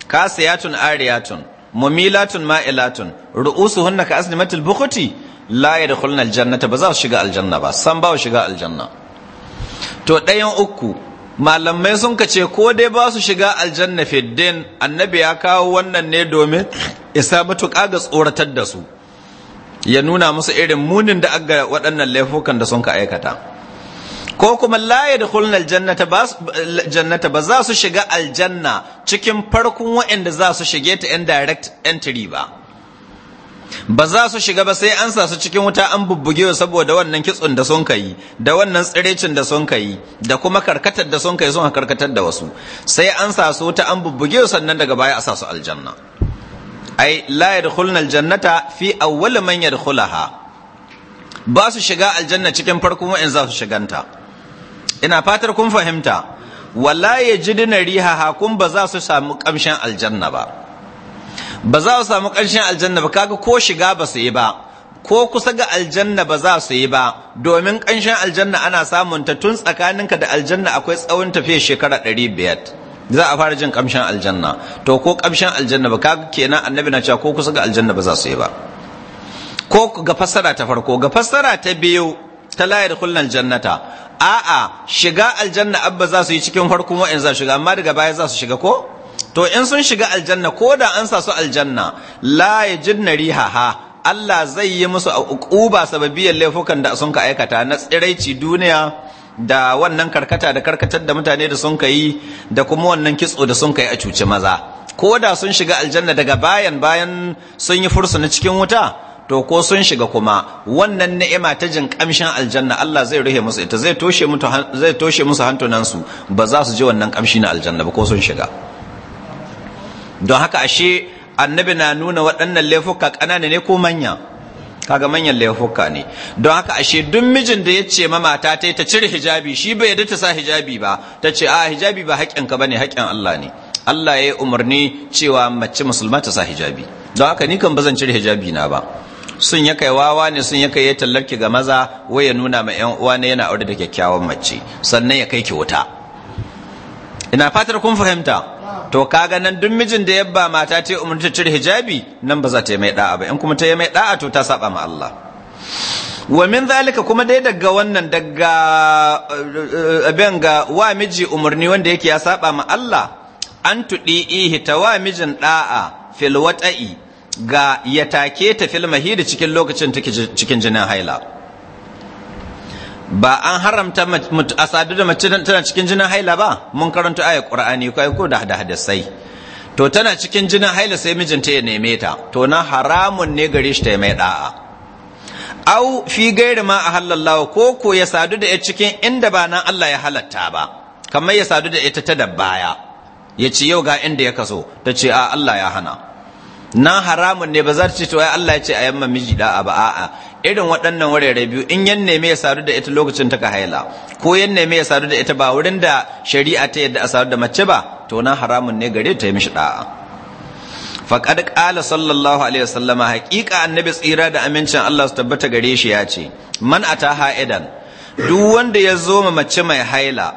S1: kasiyatun ariyatun mumilatun ma'ilatun ru'usu hunna ka asnimatil bukhuti la yadkhulna aljannata ba za su shiga aljanna ba san ba su shiga aljanna to ɗayan uku malamai sun ka ce ko dai ba su shiga aljanna fiddin annabi ya kawo wannan ne domin isa matuƙa ga tsoratar da su ya nuna musu irin munin da aga waɗannan laifukan da sun ka aikata ko kuma la da aljannata jannata ba za su shiga aljanna cikin farkon waɗanda za su shige ta yan direct entry ba ba za su shiga ba sai an sa su cikin wuta an bubbuge saboda wannan kitson da sun kai da wannan tsirecin da sun kai da kuma karkatar da sun kai sun karkatar da wasu sai an sa su wuta an bubbuge sannan daga baya a sa su aljanna ai la yadkhulun aljannata fi awwal man yadkhulaha ba su shiga aljanna cikin farkon wa'in za su shiganta ina fatar kun fahimta wala yajiduna rihaha kun ba za su samu kamshin aljanna ba ba za su samu kamshin aljanna ba kaga ko shiga ba su yi ba ko kusa ga aljanna ba za su yi ba domin kamshin aljanna ana samun ta tun tsakaninka da aljanna akwai tsawon tafiya shekara 500 za a fara jin kamshin aljanna to ko kamshin aljanna ba kaga kenan annabi na cewa ko kusa ga aljanna ba za su yi ba ko ga fassara ta farko ga fassara ta biyu ta la yadkhulna aljannata a'a shiga aljanna abba za su yi cikin farkon wa'in za shiga amma daga baya za su shiga ko to in sun shiga aljanna ko da an sa su aljanna la riha-ha! Allah zai yi musu uquba sababiyan laifukan da sun ka aikata na tsiraici duniya da wannan karkata da karkatar da mutane da sun ka yi da kuma wannan kitso da sun ka yi a cuci maza ko da sun shiga aljanna daga bayan bayan sun yi fursuna cikin wuta to ko sun shiga kuma wannan ni'ima ta jin kamshin aljanna Allah zai rufe musu ita zai toshe musu zai toshe musu hantunan su ba za su ji wannan kamshi na aljanna ba ko sun shiga don haka ashe annabi na nuna waɗannan laifuka ƙanana ne ko manya kaga manyan laifuka ne don haka ashe duk mijin da ya ce ma mata ta ta cire hijabi shi bai yarda ta sa hijabi ba ta ce a hijabi ba haƙƙinka bane haƙƙin Allah ne Allah ya yi umarni cewa mace musulma ta sa hijabi don haka ni kan ba cire hijabi na ba sun ya kai wawa ne sun ya kai ya tallarki ga maza waya nuna ma yan uwa ne yana aure da kyakkyawan mace sannan ya kai ki wuta ina fatar kun fahimta to kaga nan duk mijin da yabba mata ta umarta cire hijabi nan ba za ta yi mai da'a ba in kuma ta yi mai da'a to ta saba ma Allah wa min zalika kuma dai daga wannan daga eh, abin ga wa miji umarni wanda yake ya saba ma Allah an tudi ihi ta wa mijin da'a fil wata'i ga ya take ta fil mahidi cikin lokacin cikin jinin haila ba an haramta a da mace tana cikin jinin haila ba mun karanta ayat qur'ani ko ko da sai to tana cikin jinin haila sai mijinta ya neme ta to na haramun ne gare shi ta mai da'a au fi gairi ma a halallahu ko ko ya sadu da ya cikin inda ba nan Allah ya halatta ba kamar ya sadu da ita ta dabbaya ya ce yau ga inda ya kaso ta ce a Allah ya hana Na haramun ne ba za ta ce to ai Allah ya ce a yamma miji da ba a'a irin waɗannan wurare biyu in yan neme ya sadu da ita lokacin ta haila ko yan neme ya sadu da ita ba wurin da shari'a ta yadda a sadu da mace ba to nan haramun ne gare ta yi mishi da'a faqad qala sallallahu alaihi wasallam haqiqa annabi tsira da amincin Allah su tabbata gare shi ya ce man ata ha'idan duk wanda ya zo ma mace mai haila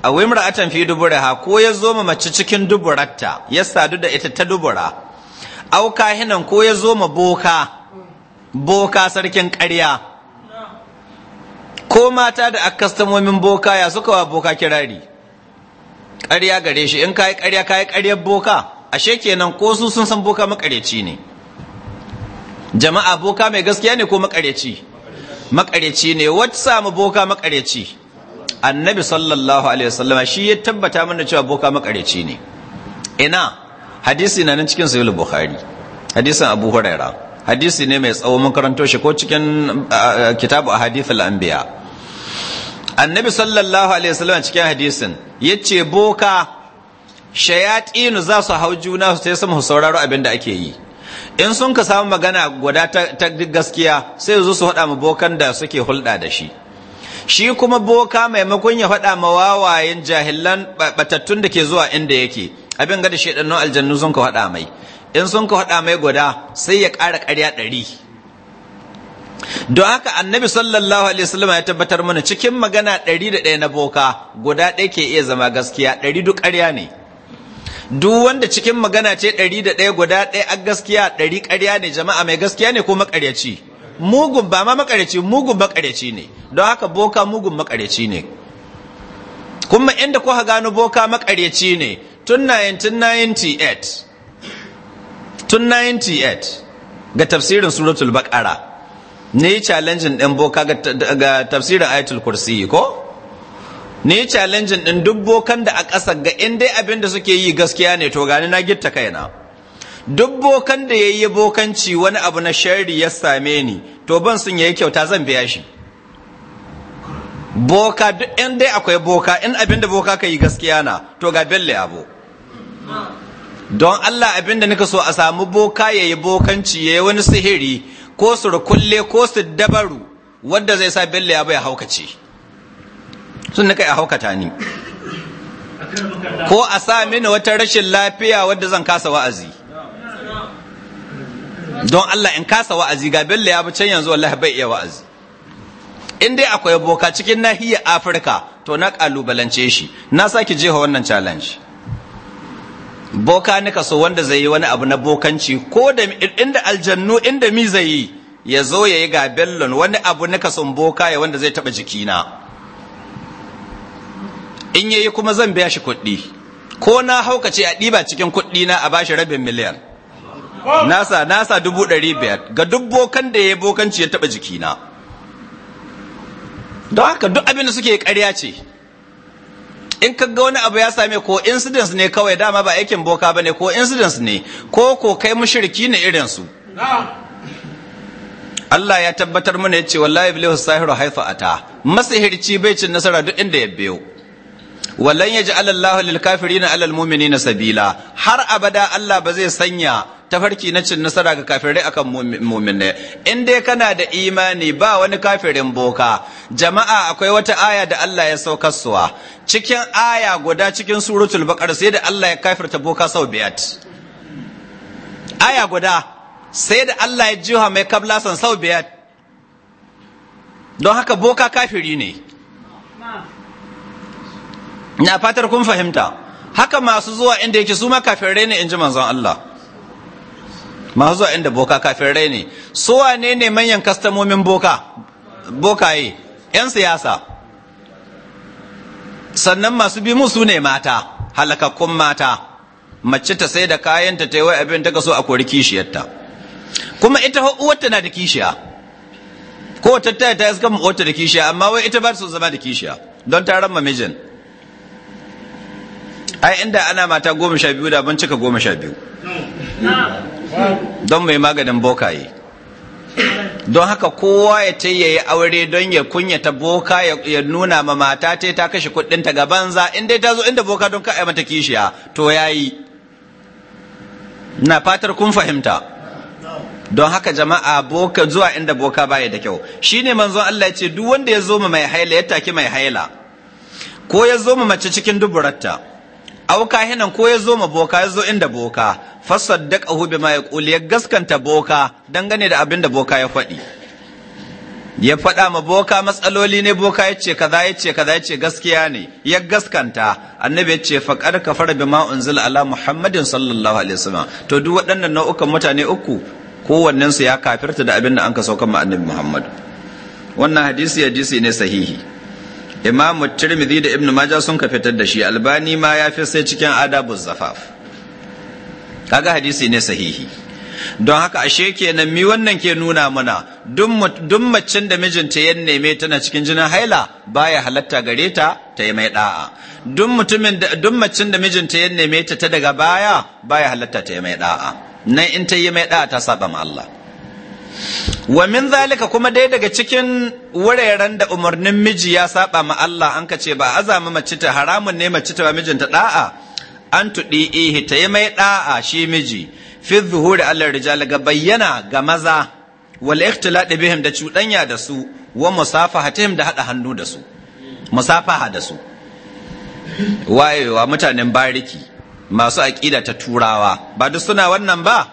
S1: a wimra'atan fi duburaha ko ya zo ma mace cikin duburarta ya sadu da ita ta dubura auka hinan ko ya zo ma boka boka sarkin ƙarya ko mata da kastamomin boka ya suka wa boka kirari ƙarya gare shi in kayi ƙarya yi ƙaryar boka ashe kenan ko su sun san boka makareci ne jama'a boka mai gaskiya ne ko makareci makareci ne wacce samu boka makareci annabi sallallahu alaihi wasallama shi ya tabbata mana cewa boka makareci ne ina hadisi na nan cikin sahih bukhari hadisin abu huraira hadisi ne mai tsawo mun karanto shi ko cikin kitabu ahadithul anbiya annabi sallallahu alaihi wasallam cikin hadisin yace boka shayatinu za su hau juna su sai su sauraro abin da ake yi in sun ka samu magana guda ta gaskiya sai su su faɗa mu bokan da suke hulɗa da shi shi kuma boka maimakon ya faɗa ma wawayen jahilan batattun da ke zuwa inda yake abin gada da shaidannu aljannu sun ka haɗa mai in sun ka haɗa mai guda sai ya ƙara ƙarya ɗari don haka annabi sallallahu alaihi wasallam ya tabbatar mana cikin magana ɗari da ɗaya na boka guda ɗaya ke iya zama gaskiya ɗari duk ƙarya ne duk wanda cikin magana ce ɗari da ɗaya guda ɗaya a gaskiya ɗari ƙarya ne jama'a mai gaskiya ne ko maƙaryaci mugun ba ma maƙaryaci mugun maƙaryaci ne don haka boka mugun maƙaryaci ne kuma inda kuka gano boka makaryaci ne tun 1998 tun 98 ga tafsirin suratul baqara ne challenging din boka ga tafsirin ayatul kursi ko ne challenging din duk bokan da a ƙasa ga inda dai abin da suke yi gaskiya ne to gani na gitta kaina duk bokan da ya yi bokanci wani abu na shari ya same ni to ban sun yayi kyauta zan biya shi boka duk inda dai akwai boka in abin da boka ka yi gaskiya na to ga belle abu don Allah abinda nika so a samu boka ya yi bokanci ya yi wani sihiri ko su rukulle ko su dabaru wadda zai sa bello ya bai haukace sun nika ya haukata ni ko a sa mini wata rashin lafiya wadda zan kasa wa'azi don Allah in kasa wa'azi ga bello ya bi can yanzu Allah bai iya wa'azi in dai akwai boka cikin nahiyar afirka to na kalubalance shi na sake jefa wannan challenge boka nika so wanda zai yi wani abu na bokanci ko da inda aljannu inda mi zai yi ya zo ya yi ga bellon wani abu nika son boka ya wanda zai taba jikina in yayi kuma zan biya shi kuɗi ko na haukace a ɗiba cikin kuɗi na a bashi rabin miliyan nasa nasa dubu ɗari biyar ga duk bokan da ya yi bokanci ya taba jikina don haka duk abin da suke karya ce in ka ga wani abu ya same ko incidents ne kawai dama ba aikin boka ba ne ko incidents ne ko ko kai mushriki ne irinsu Allah ya tabbatar mana ya ce wallahi bilahu sahiru haifa ata masihirci bai cin nasara duk inda ya biyo wallan yaj'al Allahu lil kafirina alal mu'minina sabila har abada Allah ba zai sanya tafarki na cin nasara ga kafirai akan ne in dai kana da imani ba wani kafirin boka jama'a akwai wata aya da Allah ya saukar suwa cikin aya guda cikin suratul baqara sai da Allah ya kafirta boka sau biyat aya guda sai da Allah ya jiha mai san sau biyat don haka boka kafiri ne na fatar kun fahimta haka masu zuwa inda yake su ma kafirai ne in ji manzon Allah masu zuwa inda boka kafin rai ne su wane ne manyan kastamomin boka bokaye yan siyasa sannan masu bi musu ne mata halakakkun mata mace ta sai da kayanta ta yi wa abin ta so a kori kishiyarta kuma ita uwarta na da kishiya ko ta ta iska mu uwarta da kishiya amma wai ita ba ta zama da kishiya don ta mamijin mijin ai inda ana mata goma sha biyu da ban cika goma sha biyu don mai maganin bokaye don haka kowa ya ce ya yi aure don ya kunyata boka ya nuna ma mata ta ta kashe ta ga banza in dai ta zo inda boka don ka mata kishiya to ya yi. na fatar kun fahimta don haka jama'a boka zuwa inda boka baya da kyau Shi ne manzon Allah ya ce duk wanda ya zo mai haila ya take mai haila ko ya zo mace cikin duburarta aw kahinan ko ya zo ma boka ya zo inda boka fasaddaqahu bima yaqul ya gaskanta boka dangane da abin da boka ya faɗi ya faɗa ma boka matsaloli ne boka ya ce kaza ya ce kaza ya ce gaskiya ne ya gaskanta annabi ya ce faƙar fara bi bima unzila ala muhammadin sallallahu alaihi wasallam to duk waɗannan nau'ukan mutane uku kowannensu ya kafirta da abin da an ka sauka ma annabi muhammad wannan hadisi hadisi ne sahihi imam tirmidhi da ibn majah sun ka fitar da shi albani ma ya fi sai cikin adabu zafaf kaga hadisi ne sahihi don haka ashe kenan mi wannan ke nuna mana duk macen da mijinta ya neme tana cikin jinin haila baya halatta gare ta ta yi mai da'a duk macen da mijinta ya neme ta ta daga baya baya halatta ta yi mai da'a nan in ta yi mai da'a ta saba ma Allah wa min zalika kuma dai daga cikin wuraren da umarnin miji ya saba ma Allah an ka ce ba azama mace ta haramun ne mace ta mijinta da'a an tuɗi ihi ta yi mai da'a shi miji fi zuhuri Allah rijal ga bayyana ga maza wal ikhtilat bihim da cuɗanya da su wa musafahatihim da hada hannu da su musafaha da su wayewa mutanen bariki masu aƙida ta turawa ba duk suna wannan ba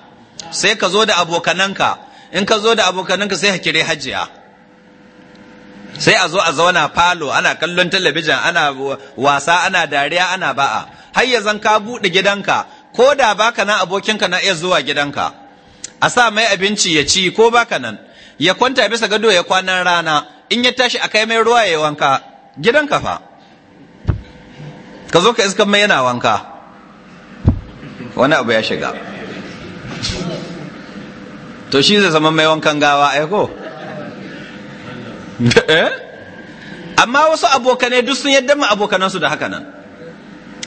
S1: sai ka zo da abokananka in ka zo da abokananka sai hakire hajiya sai a zo a zauna falo ana kallon talabijin ana wasa ana dariya ana ba'a har ya zan ka buɗe gidanka ko da baka nan abokinka na iya zuwa gidanka a sa mai abinci ya ci ko baka nan ya kwanta bisa gado ya kwanan rana in ya tashi a kai mai ruwa ya wanka gidanka fa ka zo ka iskan mai yana wanka wani abu ya shiga to shi zai zama mai wankan gawa ai eh ko eh? amma wasu abokanai duk sun yadda ma abokanansu da haka nan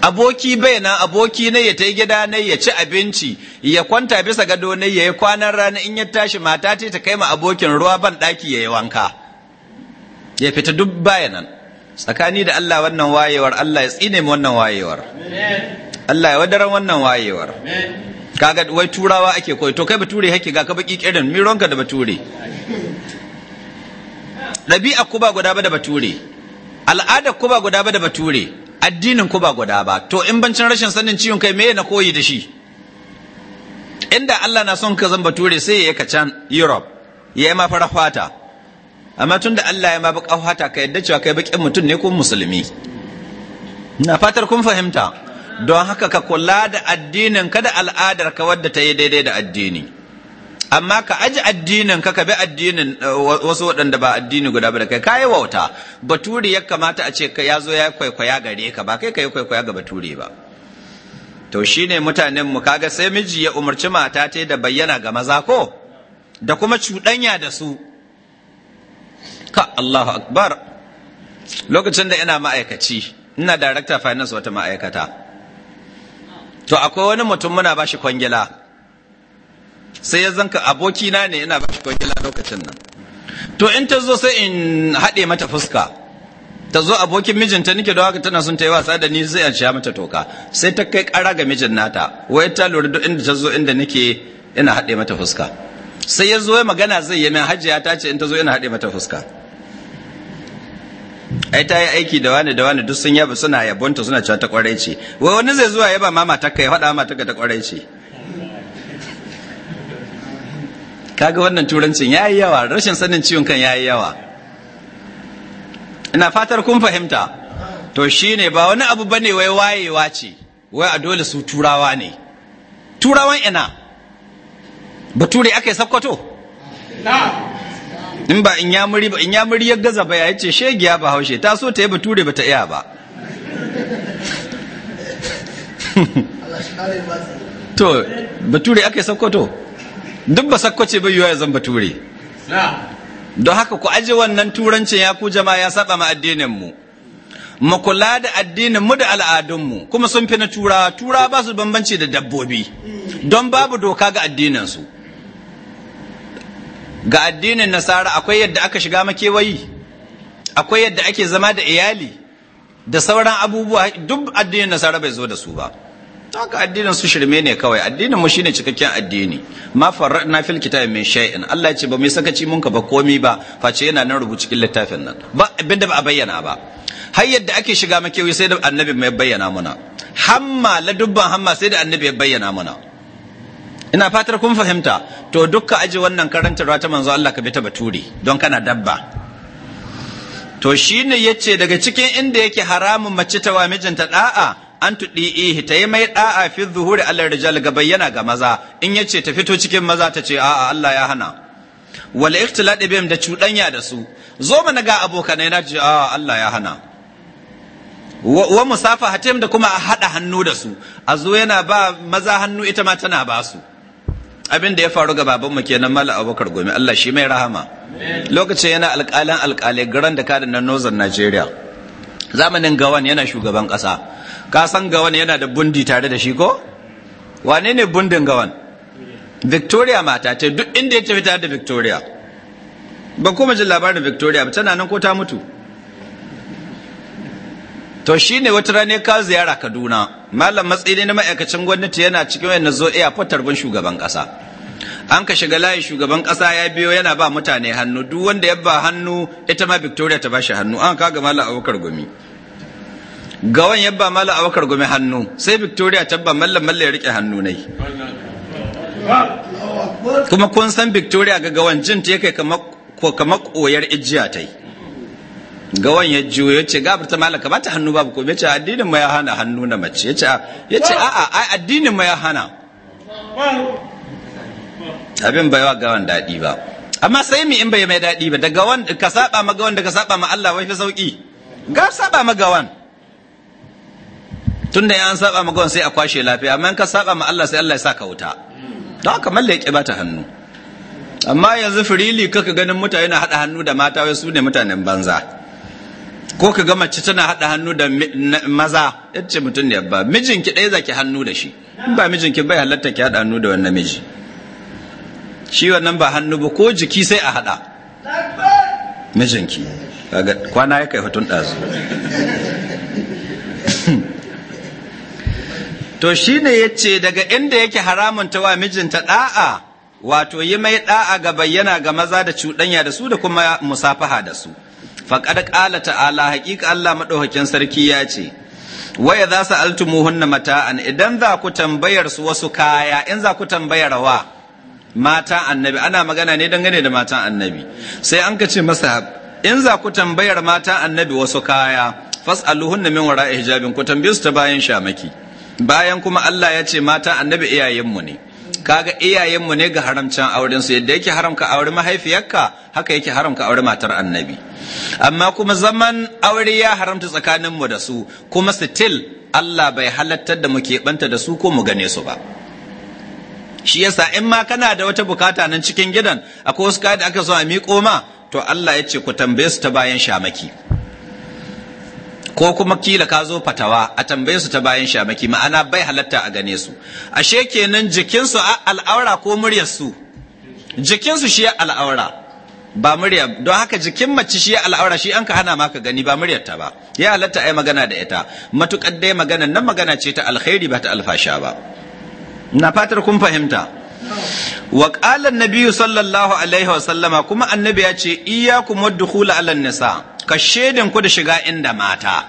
S1: aboki bai nan aboki ne ya ta gida ne ya ci abinci ya kwanta bisa gado ne ya yi kwanan rana in ya tashi mata ce ta kai ma abokin ruwa ban daki ya yi wanka ya fita duk baya nan tsakani da Allah wannan wayewar Allah ya tsine mu wannan wayewar Allah ya wadaran wannan wayewar kaga wai turawa ake koyi to kai bature hake ga ka baki kirin mironka da bature ɗabi'a ku ba guda ba da bature al'ada ku ba guda ba da bature addinin ku ba guda ba to in bancin rashin sanin ciwon kai me na koyi da shi inda Allah na son ka zan bature sai ya ka can Europe ya yi ma fara fata amma tun da Allah ya ma baka fata ka yadda cewa kai mutum ne ko musulmi na fatar kun fahimta don haka ka kula da addinin ka da al'adar ka wadda ta yi daidai da addini amma ka aji addinin ka ka bi addinin eh, wasu waɗanda ba addini guda ba da kai kayi wauta bature ya kamata a ce ka ya zo ya kwaikwaya gare ka ba kai ka yi kwaikwaya ga bature ba to shine mutanen mu kaga sai miji ya umarci mata ta da bayyana ga maza ko da kuma cuɗanya da su ka Allahu akbar lokacin da ina ma'aikaci ina director finance wata ma'aikata to akwai wani mutum muna bashi kwangila sai ya zanka abokina ne ina bashi kwangila lokacin nan to in ta zo sai in haɗe mata fuska ta zo abokin mijinta nike don haka tana son ta yi wasa da ni zai an mata toka sai ta kai ƙara ga mijin nata wai ta lura duk inda ta zo inda nike ina haɗe mata fuska sai ya zo ya magana zai yi min hajiya ta ce in ta zo ina haɗe mata fuska ai ta yi aiki da wani da wani duk sun yaba suna yabonta suna cewa ta kwarai ce wai wani zai zuwa yaba ma matarka ya faɗa matarka ta kwarai ce kaga wannan turancin ya yi yawa rashin sanin ciwon kan ya yi yawa ina fatar kun fahimta to shine ba wani abu bane wai wayewa ce wai a dole su turawa ne turawan ina bature aka yi sakkwato in ba in yamuri ba in yamuri ya gaza ba ya ce shegiya ba haushe ta so ta yi bature ba ta iya ba to bature aka yi sakkwato duk ba sakkwace ba yiwa ya zan bature don haka ku aji wannan turancin ya ku jama'a ya saba ma addinin mu mu kula da addinin mu da al'adun mu kuma sun fi na turawa turawa ba su bambanci da dabbobi don babu doka ga addinin su ga addinin nasara akwai yadda aka shiga makewayi akwai yadda ake zama da iyali da sauran abubuwa duk addinin nasara bai zo da su ba haka addinin su shirme ne kawai addinin mu shine cikakken addini ma farradna fil kitabi min shay'in Allah ya ce ba mai sakaci mun ka ba komai ba face yana nan rubuci cikin littafin nan ba abinda ba a bayyana ba har yadda ake shiga makewayi sai da annabi mai bayyana muna hamma la dubban hamma sai da annabi ya bayyana muna ina fatar kun fahimta to dukka aji wannan karantarwa ta manzo Allah ka bi ta bature don kana dabba to shine yace daga cikin inda yake haramun mace ta wa mijinta da'a an tudi ihi ta yi mai da'a fi zuhuri alal rijal ga bayyana ga maza in yace ta fito cikin maza ta ce a'a Allah ya hana wal ikhtilat bihim da cuɗanya da su zo na ga abokanai na ce a'a Allah ya hana wa musafa hatim da kuma a haɗa hannu da su a zo yana ba maza hannu ita ma tana ba su abin da ya faru ga babanmu kenan mala abubakar gome allah shi mai rahama lokacin yana alƙalan alƙalai garan da kada nan northern Najeriya. zamanin gawan yana shugaban ƙasa ka san gawan yana da bundi tare da shi ko wane ne bundin gawan victoria mata ce duk inda ya tafi tare da victoria ba kuma jin labarin victoria ba tana nan ko ta mutu to shi ne wata rane ka ziyara Kaduna malam matsayi na ma'aikacin gwamnati yana cikin wayan zo iya fatarbin shugaban kasa an ka shiga layi shugaban kasa ya biyo yana ba mutane hannu duk wanda ya ba hannu ita ma Victoria ta bashi hannu an kaga malam Abubakar Gumi gawan ya ba malam Abubakar Gumi hannu sai Victoria ta ba mallam mallam ya rike hannu nai kuma kun san Victoria ga gawan jin ta yake kamar ko kamar koyar ijiya ta yi gawan ya juyo ya ce gafarta malaka ba ta hannu babu ko ya ce addinin ma ya hana hannu na mace ya ce a'a ai addinin ma ya hana abin bai wa gawan daɗi ba amma sai mi in bai mai daɗi ba daga wanda ka saba ma gawan daga ka saba ma Allah wai fi sauki ga saba ma gawan tunda ya an saba ma gawan sai a kwashe lafiya amma in ka saba ma Allah sai Allah ya saka wuta don haka mallake ba ta hannu amma yanzu firili kaka ganin mutane na haɗa hannu da mata wai su ne mutanen banza ko ka ga mace tana haɗa hannu da maza yace mutum ne ba mijinki ɗaya zaki hannu da shi in ba mijinki bai halatta ki haɗa hannu da wannan miji shi wannan ba hannu ba ko jiki sai a haɗa mijinki kwana ya kai hutun ɗazu to shi ne ya ce daga inda yake haramunta wa mijinta ɗa'a wato yi mai ɗa'a ga bayyana ga maza da cuɗanya da su da kuma musafaha da su faƙad ƙala ta'ala haƙiƙa Allah maɗaukakin sarki ya ce waya za su altumu hunna mata'an idan za ku tambayar su wasu kaya in za ku tambayar wa mata annabi ana magana ne dangane da matan annabi sai an ka ce masa in za ku tambayar mata annabi wasu kaya fas fas'aluhunna min wara'i hijabin ku tambaye su ta bayan shamaki bayan kuma Allah ya ce mata annabi iyayenmu ne kaga iyayenmu ne ga haramcin auren su yadda yake haramka aure mahaifiyarka haka yake haramka aure matar annabi amma kuma zaman aure ya haramta tsakaninmu da su kuma still Allah bai halattar da mu keɓanta da su ko mu gane su ba shi yasa in ma kana da wata bukata nan cikin gidan akwai wasu kayan da aka so a miƙo ma to Allah ya ce ku tambaye su ta bayan shamaki ko kuma kila ka zo fatawa a tambaye su ta bayan shamaki ma'ana bai halatta a gane su ashe kenan jikinsu a al'aura ko muryarsu jikinsu shi al'aura ba murya don haka jikin mace shi al'aura shi an ka hana maka gani ba muryarta ba ya halatta ai magana da ita matukar dai magana nan magana ce ta alkhairi ba ta alfasha ba na fatar kun fahimta wa Nabiyu an sallallahu alaihi kuma annabi ya ce ku wadkhul ala nisa ka shedin ku da shiga inda mata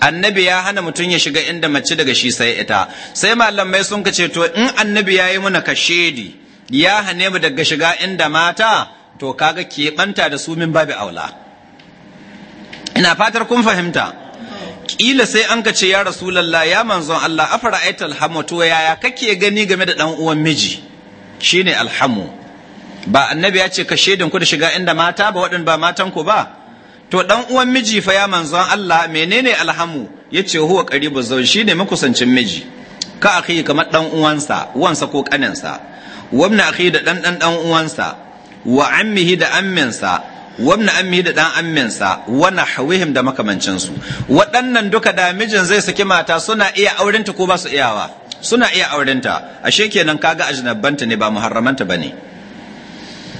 S1: annabi ya hana mutum ya shiga inda mace daga shi sai ita sai malamai sun ka ce to in annabi ya yi muna ka ya hane mu daga shiga inda mata to kaga keɓanta da su min babu aula ina fatar kun fahimta kila sai an ce ya rasulallah ya manzon Allah afara aital hamu to yaya kake gani game da dan uwan miji shine alhamu ba annabi ya ce ka shaidan ku da shiga inda mata ba waɗanda ba matan ku ba to dan uwan miji fa ya manzon Allah menene alhamu Ya ce huwa qaribu shi shine makusancin miji ka akhi kamar dan uwansa uwansa ko kaninsa wabna akhi da dan ɗan dan uwansa wa ammihi da amminsa wamna ammi da dan amminsa wana hawihim da makamancin su waɗannan duka da mijin zai saki mata suna iya aurenta ko ba su iyawa suna iya aurenta ashe kenan kaga ajnabanta ne ba muharramanta bane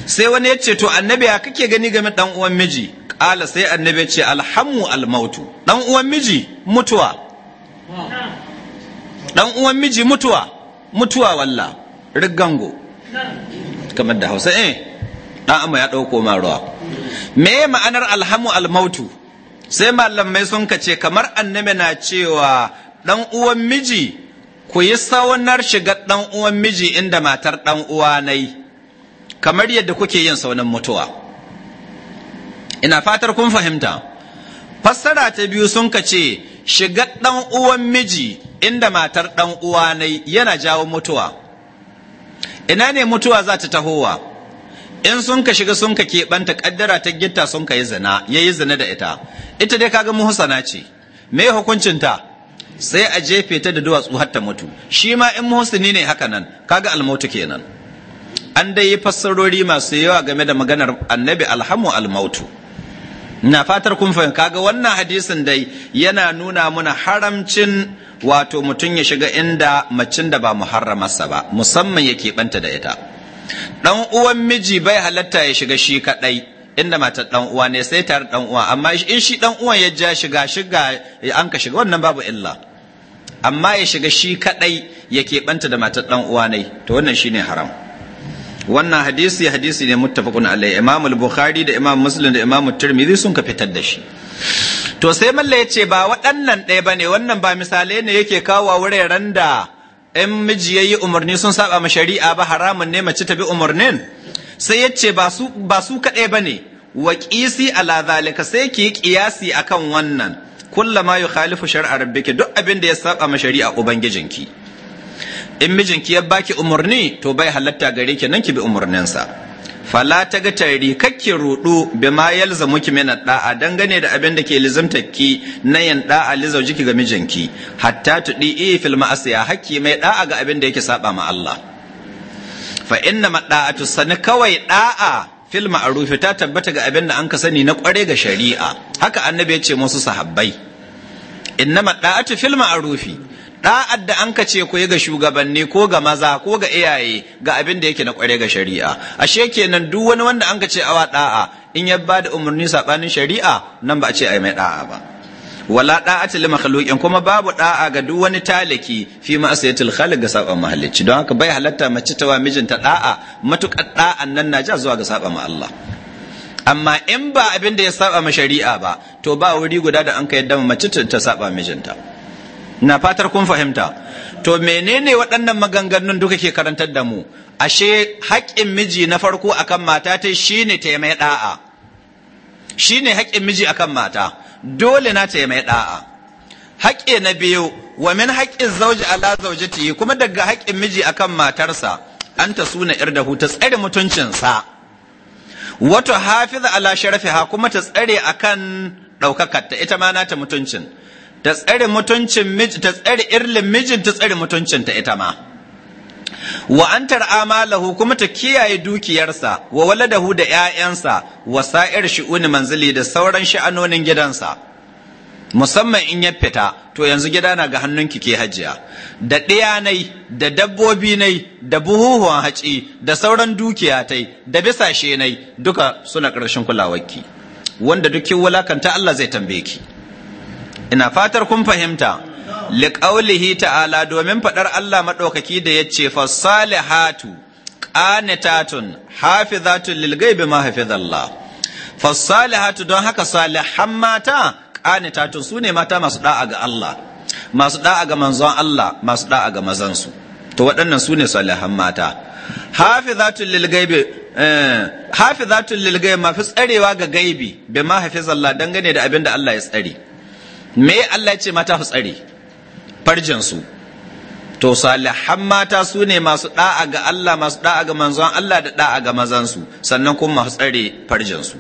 S1: sai wani ya ce to annabi ya kake gani game dan uwan miji kala sai annabi ya ce alhamu almautu dan uwan miji mutuwa dan uwan miji mutuwa mutuwa walla riggango kamar da hausa eh dan amma ya dauko ma ruwa me ma'anar alhamu almautu sai malamai sun kace kamar annabi na cewa dan uwan miji ku yi saunar shiga dan uwan miji inda matar dan uwa nai kamar yadda kuke yin saunan mutuwa ina fatar kun fahimta fassara ta biyu sun kace shiga dan uwan miji inda matar dan uwa nai yana jawo mutuwa ina ne mutuwa za ta tahowa in sun ka shiga sun ka keɓanta ƙaddara ta gitta sun ka yi zina ya yi zina da ita ita dai kaga muhsana ce me hukuncin ta?" sai a jefe ta da duwatsu har ta mutu shi ma in muhsini ne haka nan kaga almautu kenan an dai yi fassarori masu yawa game da maganar annabi alhamu almautu na fatar kun fahimta kaga wannan hadisin dai yana nuna mana haramcin wato mutum ya shiga inda macin da ba muharramarsa ba musamman ya keɓanta da ita dan uwan miji bai halatta ya shiga shi kadai inda matar dan uwa ne sai tare dan uwa amma in shi dan uwan ya ja shiga shiga an ka shiga wannan babu illa amma ya shiga shi kadai ya keɓanta da matar dan uwa ne to wannan shine haram wannan hadisi hadisi ne muttafaqun alai imam al-bukhari da imam muslim da imam tirmidhi sun ka fitar da shi to sai malla yace ba waɗannan ɗaya bane wannan ba misalai ne yake kawo wuraren da in miji yayi umarni sun saba ma shari'a ba haramun ne mace ta bi umarnin sai ya ce ba su ba ne? bane wa ƙisi ala zalika sai ki ƙiyasi akan wannan kulla yi khalifu shari'ar rabbiki duk abin da ya saba ma shari'a ubangijinki in mijinki ya baki umarni to bai halatta gare ki nan ki bi umarninsa fala ta ga tari kakki rudu bi ma yalza muki min da'a dangane da abin da ke lizamtaki ki na yan da'a liza jiki ga mijinki hatta tudi e fil ma'asiya hakki mai da'a ga abin da yake saba ma Allah fa inna ma da'atu sani kawai da'a fil ma'ruf ta tabbata ga abin da an ka sani na kware ga shari'a haka annabi ya ce musu sahabbai inna ma da'atu fil ma'rufi da'ad da an ce ku ga shugabanni ko ga maza ko ga iyaye ga abin da yake na kware ga shari'a ashe kenan duk wani wanda an ce awa da'a in ya ba da umarni sabanin shari'a nan ba a ce ai mai da'a ba wala da'ati li makhluqin kuma babu da'a ga duk wani taliki fi ma'asiyatil khaliq ga saban mahallici don haka bai halatta mace ta wa mijinta da'a matukar da'an nan na ja zuwa ga saban ma Allah amma in ba abin da ya saba ma shari'a ba to ba wuri guda da an ka yadda mace ta saba mijinta na fatar kun fahimta to menene waɗannan maganganun duka ke karantar da mu ashe haƙƙin miji na farko akan mata ta shine ta mai da'a shine haƙƙin miji akan mata dole na ta mai da'a haƙƙi na biyu wa min haƙƙin zauji ala zaujati kuma daga haƙƙin miji akan matarsa an ta suna hu ta tsare mutuncin sa wato hafiza ala sharafiha kuma ta tsare akan ɗaukakarta ita ma na ta mutuncin ta tsare mutuncin miji ta tsare irlin mijin ta tsare mutuncin ta ita ma wa an amalahu kuma ta kiyaye dukiyarsa wa waladahu da ƴaƴansa wa sa'ir shi'uni manzili da sauran sha'anonin gidansa musamman in ya fita to yanzu gida na ga hannunki ke hajiya da ɗiyanai da dabbobi nai da buhuhuwan haci da sauran dukiya tai da bisashe nai duka suna ƙarshen kulawarki wanda duk kin wulakanta Allah zai tambaye ki ina fatar kun fahimta liƙaulihi ta'ala domin faɗar Allah maɗaukaki da ya yace fasalihatu qanitatun hafizatun lilghaibi ma hafizallah fasalihatu don haka salihan mata qanitatun sune mata masu da'a ga Allah masu da'a ga manzon Allah masu da'a ga mazansu to waɗannan sune salihan mata hafizatun lilghaibi hafizatul lil mafi eh, tsarewa ga gaibi bi ma hafizallah dangane da abin da Allah ya tsare me Allah ya ce mata su tsare su to salihan mata su ne masu da'a ga Allah masu da'a ga manzon Allah da da'a ga mazansu sannan kuma masu tsare su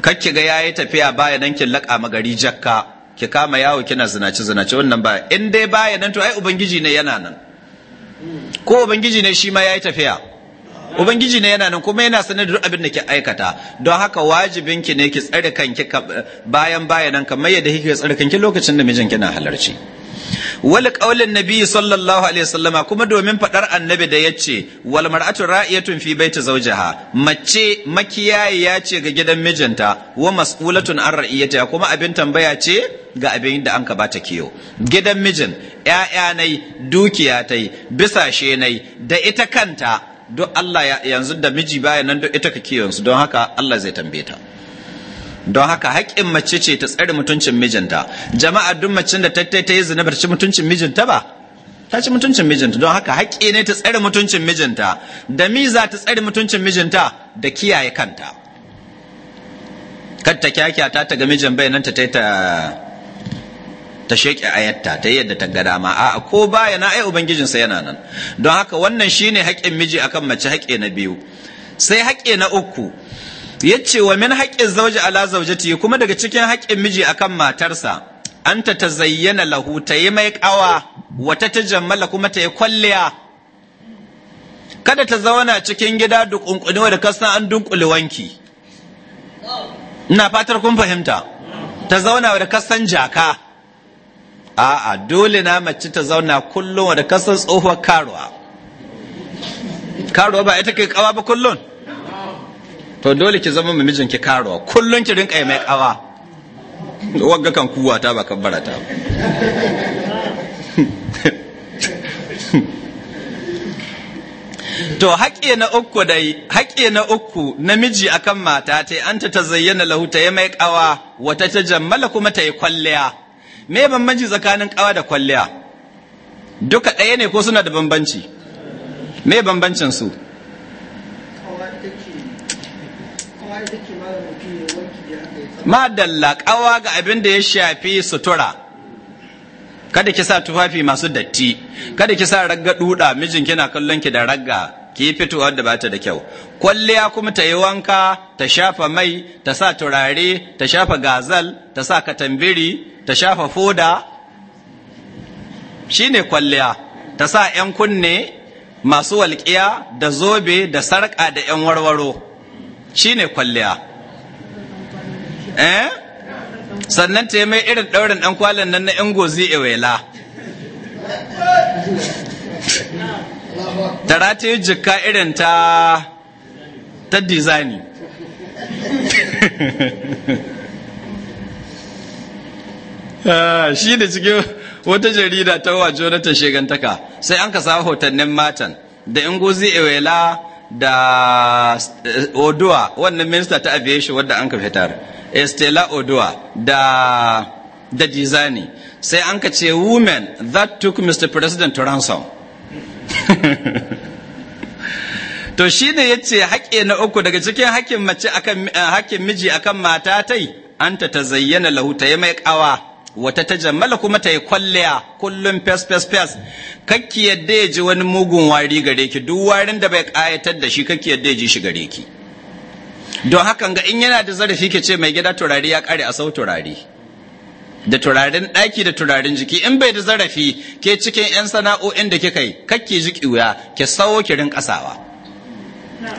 S1: kakki ga yayi tafiya baya dan kin laka magari jakka ki kama yawo kina zinace zinace wannan baya in dai baya nan to ai ubangiji ne yana nan ko ubangiji ne shi ma yayi tafiya ubangiji ne yana nan kuma yana sanar da abin da ki aikata don haka wajibin ki ne ki tsare kanki bayan bayanan kamar yadda kike tsare kanki lokacin da mijinki na halarci wal qaulin nabi sallallahu alaihi wasallama kuma domin fadar annabi da yace wal mar'atu ra'iyatun fi baiti zawjiha mace makiyayiya ce ga gidan mijinta wa mas'ulatun an ra'iyatiha kuma abin tambaya ce ga abin da an ka bata kiyo gidan mijin yaya nai dukiya tai bisashe nai da ita kanta duk Allah yanzu da miji baya nan duk ita kake yanzu don haka Allah zai tambaye ta don haka haƙƙin mace ce ta tsare mutuncin mijinta jama'a duk macen da tattai ta yi zina bar ci mutuncin mijinta ba ta ci mutuncin mijinta don haka haƙƙi ne ta tsare mutuncin mijinta da miza ta tsare mutuncin mijinta da kiyaye kanta kar ta kyakya ta ga mijin bai nan ta ta ta sheke ayatta ta yadda ta ga dama a ko baya na ai ubangijinsa yana nan don haka wannan shine haƙƙin miji akan mace haƙƙi na biyu sai haƙƙi na uku yace wa min haƙƙin zauji ala zaujati kuma daga cikin haƙƙin miji akan matarsa an ta zayyana lahu ta yi mai ƙawa wata ta jammala kuma ta yi kwalliya kada ta zauna cikin gida dukunkuni da kasa an dunkule wanki ina fatar kun fahimta ta zauna da kasan jaka a'a dole na mace ta zauna kullum da kasar tsohuwar karuwa karuwa ba ita ke kawa ba kullum to dole ki zama mamijin ki karuwa kullum ki rinka mai kawa wagga kan kuwa ta ba kabbara ta to haƙe na uku dai haƙe na uku namiji akan mata ta an ta zayyana lahu ta yi mai kawa wata ta jammala kuma ta yi kwalliya me bambanci tsakanin kawa da kwalliya duka ɗaya ne ko suna da bambanci me bambancin su madalla kawa ga abin da ya shafi sutura kada ki sa tufafi masu datti kada ki sa ragga duda mijinki na kallon ki da ragga ki fitowar da bata da kyau kwalliya kuma ta yi wanka ta shafa mai ta sa turare ta shafa gazal ta sa katambiri ta shafa foda shi ne kwalliya ta sa 'yan kunne masu walƙiya da zobe da sarƙa da 'yan warwaro shi ne kwalliya eh sannan ta yi mai irin ɗaurin ɗan kwalin nan na 'yan gozi ewela ta yi jikka irin ta ta dizani ah, shi da cikin wata jarida ta wa jonathan shegantaka sai an ka sa hotannin matan da ingozi ewela da eh, oduwa wannan minista ta aviation wadda an ka fitar estela oduwa da da dizani sai an ka ce women that took mr president to ransom to shi ne ya ce haƙe na uku daga cikin haƙƙin mace akan eh, miji akan mata tai anta zayyana lahu ta mai ƙawa wata ta jammala kuma ta yi kwalliya kullum fes fes fes kakki yadda ya ji wani mugun wari gare ki duk warin da bai ƙayatar da shi kakki yadda ya ji shi gare ki don hakan ga in yana da zarafi ke ce mai gida turare ya ƙare a sau turare da turaren ɗaki da turaren jiki in bai da zarafi ke cikin 'yan sana'o'in da kika yi kakke ji Ki ke sawo kirin kasawa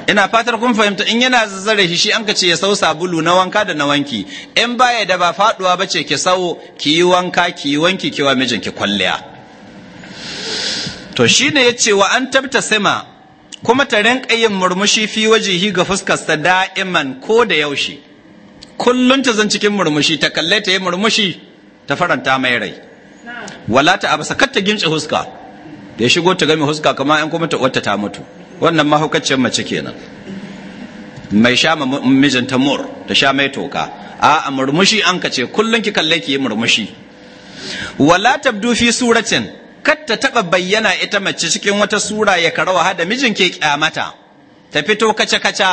S1: ina fatar kun fahimta in yana zarafi shi an ka ce ya sau sabulu na wanka da na wanki in baya da ba faduwa ba ce ki sau ki yi wanka ki yi wanki ki wa mijin ki kwalliya to shine ya ce wa an tabta sima kuma ta rinka yin murmushi fi wajihi ga sa da'iman ko da yaushe kullum ta zan cikin murmushi ta kalle ta yi murmushi ta faranta mai rai wala ta abasa kar ta huska ya shigo ta gami huska kamar yan kuma ta wata ta mutu wannan mahaukaciyar mace kenan mai sha mijinta mur ta sha mai toka a murmushi an ka ce kullum ki kalle ki yi murmushi wala tabdu fi suratin kar ta taba bayyana ita mace cikin wata sura ya karawa hada mijin ke kyamata ta fito kaca kaca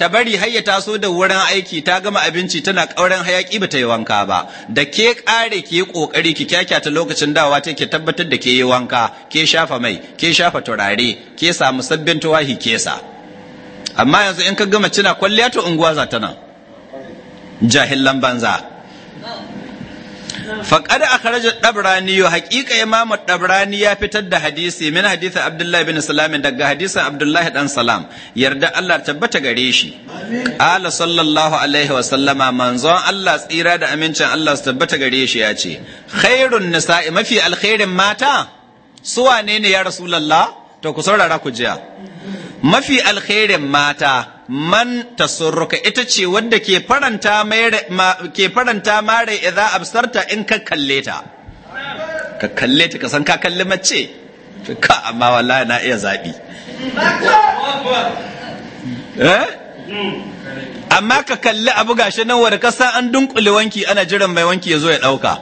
S1: ta bari har ya taso da wurin aiki ta gama abinci tana kauran hayaki ba ta yi wanka ba da ke kare ke kokari ki kyakyata lokacin dawa ta ke tabbatar da ke yi wanka ke shafa mai ke shafa turare ke samu sabbin tuwahi kesa amma yanzu in ka gama cina kwalliya ta unguwa za ta nan jahillan banza faqad akhraja dabrani haqiqa imamu dabrani ya fitar da hadisi min hadisi abdullahi bin salam daga hadisin abdullahi dan salam yarda Allah tabbata gare shi qala sallallahu alaihi wa sallama manzon Allah tsira da amincin Allah su tabbata gare shi ya ce khairun nisa'i mafi alherin mata su wanene ne ya rasulullah to ku saurara ku jiya mafi alherin mata man tasurruka ita ce wadda ke faranta ke faranta mare idza absarta in ka kalle ta ka kalle ta ka san ka kalli mace ka amma wallahi na iya zabi eh amma ka kalli abu gashi nan wanda ka an dunkule wanki ana jiran mai wanki ya zo ya dauka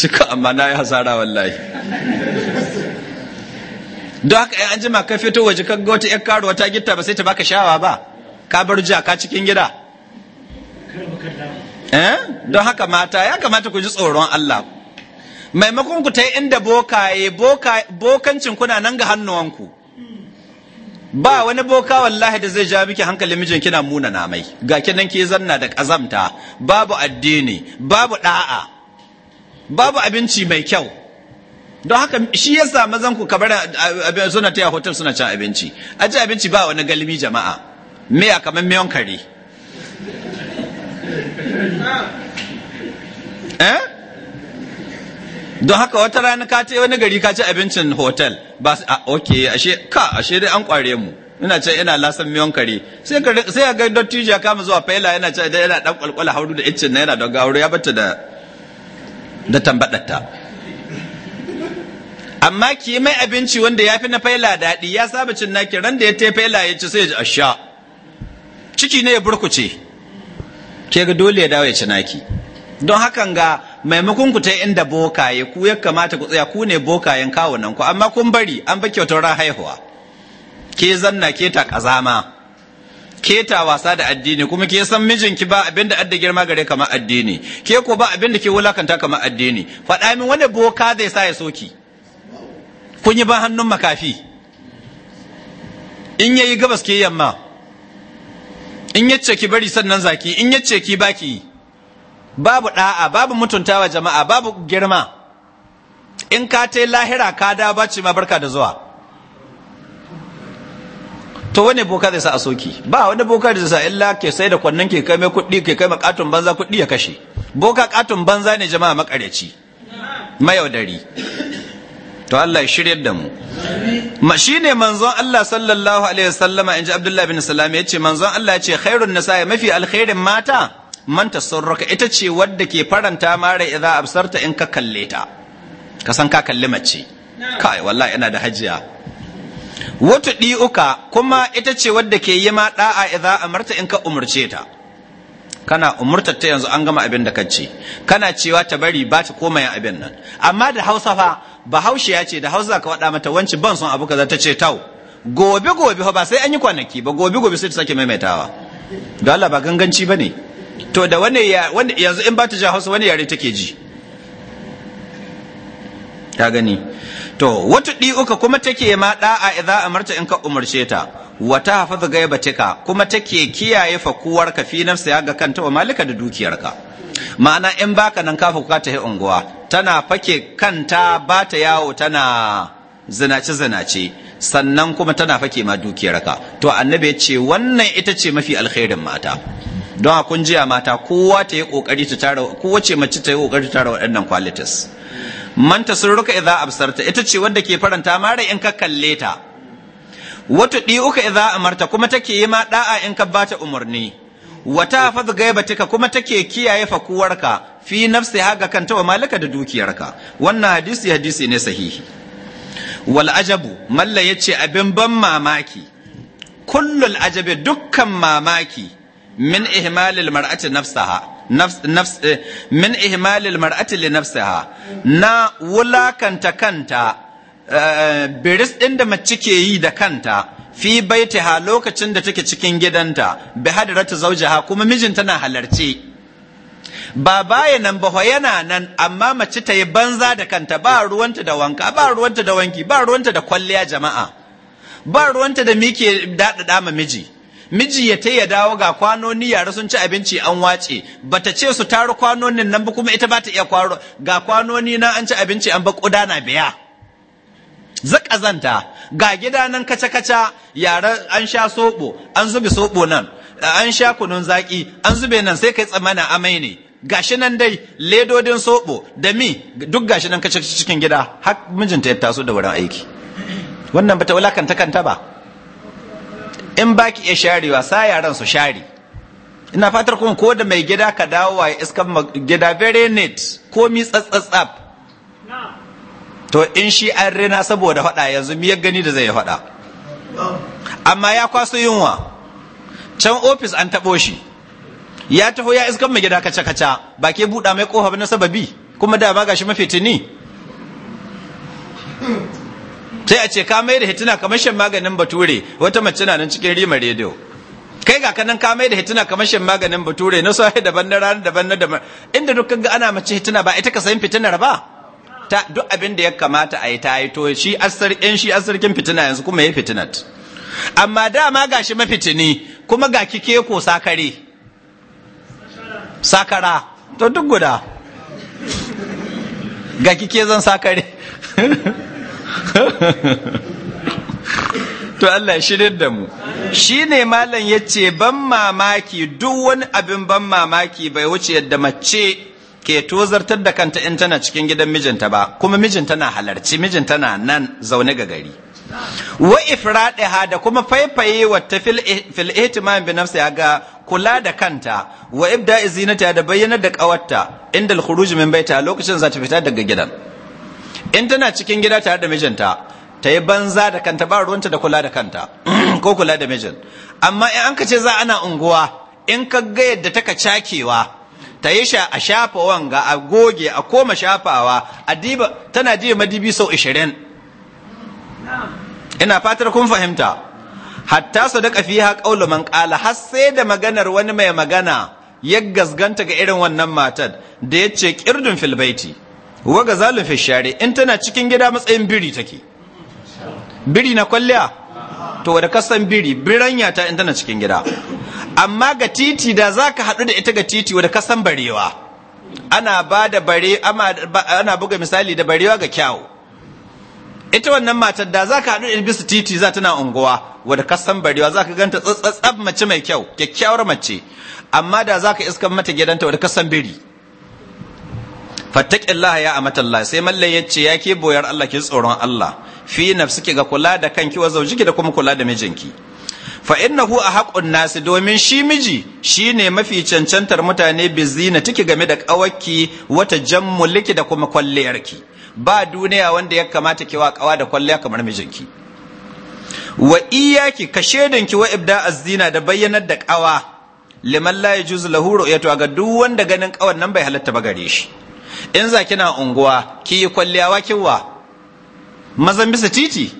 S1: cika amma na yi hasara wallahi don haka an jima ka fito waje ka ga wata yar karuwa ta gitta ba sai ta baka shawa ba ka bar ka cikin gida eh don haka mata ya kamata ku ji tsoron Allah maimakon ku ta yi inda bokaye bokancin kuna nan ga hannuwanku ba wani boka wallahi da zai ja miki hankali mijin kina muna na mai ga kinan ke zanna da kazamta babu addini babu da'a babu abinci mai kyau don haka shi yasa mazan ku kabar suna taya hotel suna cin abinci a ji abinci ba wani galibi jama'a miya kamar miyan kare eh don haka wata rana ka ce wani gari ka ci abincin hotel ba a ok ashe ka ashe dai an kware mu ina ce ina lasan miyan kare sai ka sai ga dottijo ya kama zuwa faila yana ce yana dan kwalkwala hauru da iccin na yana don gawar ya bata da da tambadatta amma ki mai abinci wanda ya fi na faila daɗi ya saba cin naki ran da ya ta faila ya ci sai ya sha. ciki ne ya burkuce ke ga dole ya dawo ya ci naki don hakan ga maimakon ku ta inda bokaye ku ya kamata ku tsaya ku ne bokayen kawunan ku amma kun bari an ba kyautar ran haihuwa ke zanna ke ta kazama ke ta wasa da addini kuma ke san mijinki ba abin da adda girma gare kamar addini ke ko ba abin ke wulakanta kamar addini faɗa min wani boka zai sa ya soki kun yi ban hannun makafi in yayi gabas ke yamma in yace ki bari sannan zaki in yace ki baki babu da'a babu mutuntawa jama'a babu girma in ka tai lahira ka da bace ma barka da zuwa to wane boka zai sa a soki ba wani boka zai sa illa ke sai da kwannan ke kai mai kuɗi ke kai makatun banza kuɗi ya kashe boka katun banza ne jama'a makareci mayaudari to Allah ya shiryar da mu ma shine manzon Allah sallallahu alaihi wasallama inji Abdullah bin Salam manzon Allah yace khairun nisaa mafi alkhairin mata man tasarruka ita ce wadda ke faranta mare idza absarta in ka kalle ta ka san ka kalli mace kai wallahi ina da hajiya wata ɗi'uka kuma ita ce wadda ke yi ma da'a idza amarta in ka umurce ta kana umurtar ta yanzu an gama abin da kace kana cewa ta bari ba ta koma abin nan amma da Hausa fa Bahaushe ya ce da Hausa ka wada mata wanci ban son abu kaza ta ce tau gobe gobe ba sai an yi kwanaki ba gobe gobe sai ta sake maimaitawa don Allah ba ganganci bane to da wani yanzu in ba ta ja Hausa wani yare take ji ta gani to wata uka kuma take ma da'a idza amarta in ka umarce ta wata hafaza gaibatika kuma take kiyaye fakuwar ka fi nafsi ga kanta wa malika da dukiyarka ma'ana in baka nan kafa ka ta unguwa tana fake kanta ba ta yawo tana zinace zinace sannan kuma tana fake ma dukiyarka to annabi ya ce wannan ita ce mafi alkhairin mata don a kun mata kowa ta yi kokari ta tara kowace mace ta yi kokari ta tara waɗannan qualities man tasurruka idza absarta ita ce wadda ke faranta mara in ka kalle ta wata uka idza amarta kuma take yi ma da'a in ka bata umarni wata hafazu gaibatika kuma take kiyaye fakuwarka fi nafsi haga kanta wa malika da dukiyarka wannan hadisi hadisi ne sahihi wal ajabu malla yace abin ban mamaki kullul ajabi dukkan mamaki min ihmalil mar'ati nafsaha nafs nafs eh, min ihmalil mar'ati li na wulakanta kanta eh, biris ɗin da mace ke yi da kanta fi baitiha lokacin da take cikin gidanta bi hadratu zawjiha kuma mijinta na halarci ba baya nan ba yana nan amma mace ta yi banza da kanta ba ruwanta da wanka ba ruwanta da wanki ba ruwanta da kwalliya jama'a ba ruwanta da mike daɗaɗa ma miji miji ya ta ya dawo ga kwanoni yara sun ci abinci an wace bata ce su taru kwanonin nan ba kuma ita ba ta iya kwaro ga kwanoni na an ci abinci an ba kuda na biya zakazanta ga gida nan kaca-kaca yara an sha soɓo an zube soɓo nan an sha kunun zaki an zube nan sai kai tsamana amai ne gashi nan dai ledodin sobo da mi duk gashi nan kace cikin gida har mijinta ya taso da wurin aiki wannan bata wulakanta kanta ba in baki iya sharewa sa yaran su share ina fatar kuma ko da mai gida ka dawo wa iska gida very neat ko mi tsatsatsap to in shi an rena saboda faɗa yanzu mi ya gani da zai faɗa amma ya kwaso yunwa can ofis an taɓo shi ya taho ya iskan mai gida kaca kaca ba ke buɗa mai ƙofa na sababi kuma da ba gashi mafitini sai a ce ka mai da hituna kamar shan maganin bature wata mace na nan cikin rima rediyo kai ga kanan ka mai da hituna kamar shan maganin bature na sai daban na rana daban na daban inda duk ga ana mace hituna ba ita ka sayin fitinar ba ta duk abin da ya kamata a yi ta yi to shi asar yan shi asarkin fitina yanzu kuma ya fitinat amma dama gashi mafitini kuma ga kike ko sakare sakara to duk guda ga kike zan sakare to Allah shirin da mu shi ne malam ya ce ban mamaki duk wani abin ban mamaki bai wuce yadda mace ke tozartar da kanta in tana cikin gidan mijinta ba kuma mijinta na halarci mijinta na nan zaune ga gari wa ifradiha da kuma faifaye wata fil ihtimam bi ya ga kula da kanta wa ibda izinata da bayyana da kawarta inda al-khuruj min baita lokacin za ta fita daga gidan in tana cikin gida tare da mijinta ta yi banza da kanta ba ruwanta da kula da kanta ko kula da mijin amma in an ka ce za ana unguwa in ka ga yadda taka cakewa ta yi sha a shafa wanga a goge a koma shafawa a diba tana diba madibi sau ishirin ina fatar kun fahimta hatta su da fiha kaulu man qala har sai da maganar wani mai magana ya gasganta ga irin wannan matar da yace kirdun fil baiti wa ga fi share in tana cikin gida matsayin biri take biri na kwalliya to da kasan biri biranya ta in tana cikin gida amma ga titi da za ka haɗu da ita ga titi wadda kasan barewa ana ba da bare ana buga misali da barewa ga kyawu ita wannan matar da za ka haɗu da bisa titi za tana unguwa wadda kasan barewa za ka ganta tsatsatsab mace mai kyau kyakkyawar mace amma da za ka iskan mata gidanta wadda kasan biri fattaqillaha ya matalla sai mallan yace ya ke boyar Allah ki tsoron Allah fi nafsiki ga kula da kanki wa zaujiki da kuma kula da mijinki fa innahu ahqqun nasi domin shi miji shine mafi cancantar mutane na tiki game da ƙawarki, wata jan jammuliki da kuma kwalliyarki ba duniya wanda ya kamata ki wa kawa da kwalliya kamar mijinki wa iyaki ka shedanki wa ibda azina da bayyanar da kawa liman la yajuz lahu ru'yatu ga duk wanda ganin kawan nan bai halatta ba gare shi in za kina unguwa ki yi kwalliya wa kinwa mazan bisa titi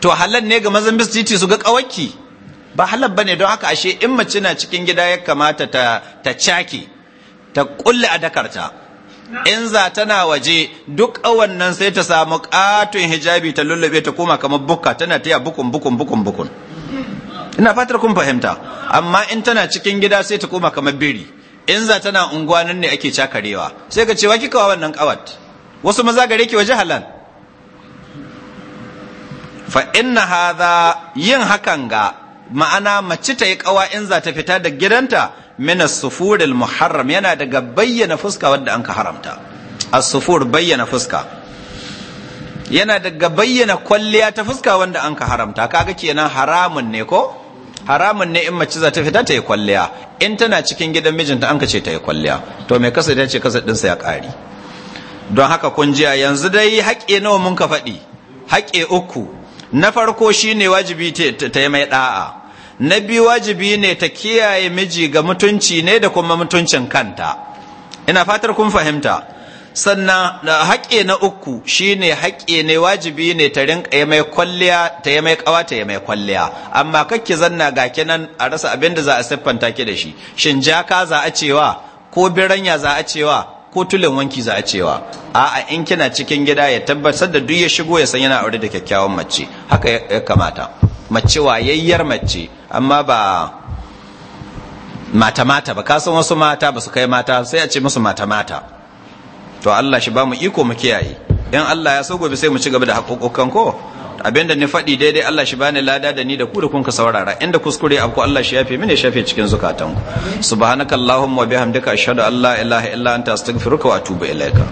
S1: to halal ne ga mazan bisa titi su ga kawaki ba halal bane don haka ashe in mace na cikin gida ya kamata ta ta caki ta kulle a dakarta in za tana waje duk awan nan sai ta samu katon hijabi ta lullube ta koma kamar bukka tana taya bukun bukun bukun bukun ina fatar kun fahimta amma in tana cikin gida sai ta koma kamar biri in za tana unguwa nan ne ake cakarewa sai ka ce wa kika wannan kawat wasu maza gare ki waje halal fa inna hadha yin hakan ga ma'ana mace ta yi kawa in za ta fita da gidanta min as al muharram yana daga bayyana fuska wanda an ka haramta as-sufur bayyana fuska yana daga bayyana kwalliya ta fuska wanda an ka haramta kaga kenan haramun ne ko haramun ne in mace za ta fita ta yi kwalliya in tana cikin gidan mijinta an kace ta yi kwalliya to mai kasa da ce kasa dinsa ya kare don haka kun jiya yanzu dai haƙe nawa mun ka faɗi haƙe uku na farko shine wajibi ta yi mai da'a na biyu wajibi ne ta kiyaye miji ga mutunci ne da kuma mutuncin kanta ina fatar kun fahimta sannan haƙe na uku shine haƙe ne wajibi ne ta rinka ya mai kwalliya ta ya mai kawa ta ya mai kwalliya amma kake zanna ga kinan a rasa abin da za a siffanta ki da shi shin jaka za a cewa ko biranya za a cewa ko tulin wanki za a cewa a'a in kina cikin gida ya tabbatar da duk ya shigo ya san yana aure da kyakkyawan mace haka ya kamata mace wayayyar mace amma ba mata mata ba kasan wasu mata ba su kai mata sai a ce musu mata mata to Allah shi ba mu iko mu kiyaye in Allah ya so gobe sai mu ci gaba da hakokokan ko abinda ni faɗi daidai Allah shi bani lada da ni da ku da kun ka saurara inda kuskure abu Allah shi yafe mini shafe cikin ku subhanakallahumma wa bihamdika ashhadu an la ilaha illa anta astaghfiruka wa atubu ilaika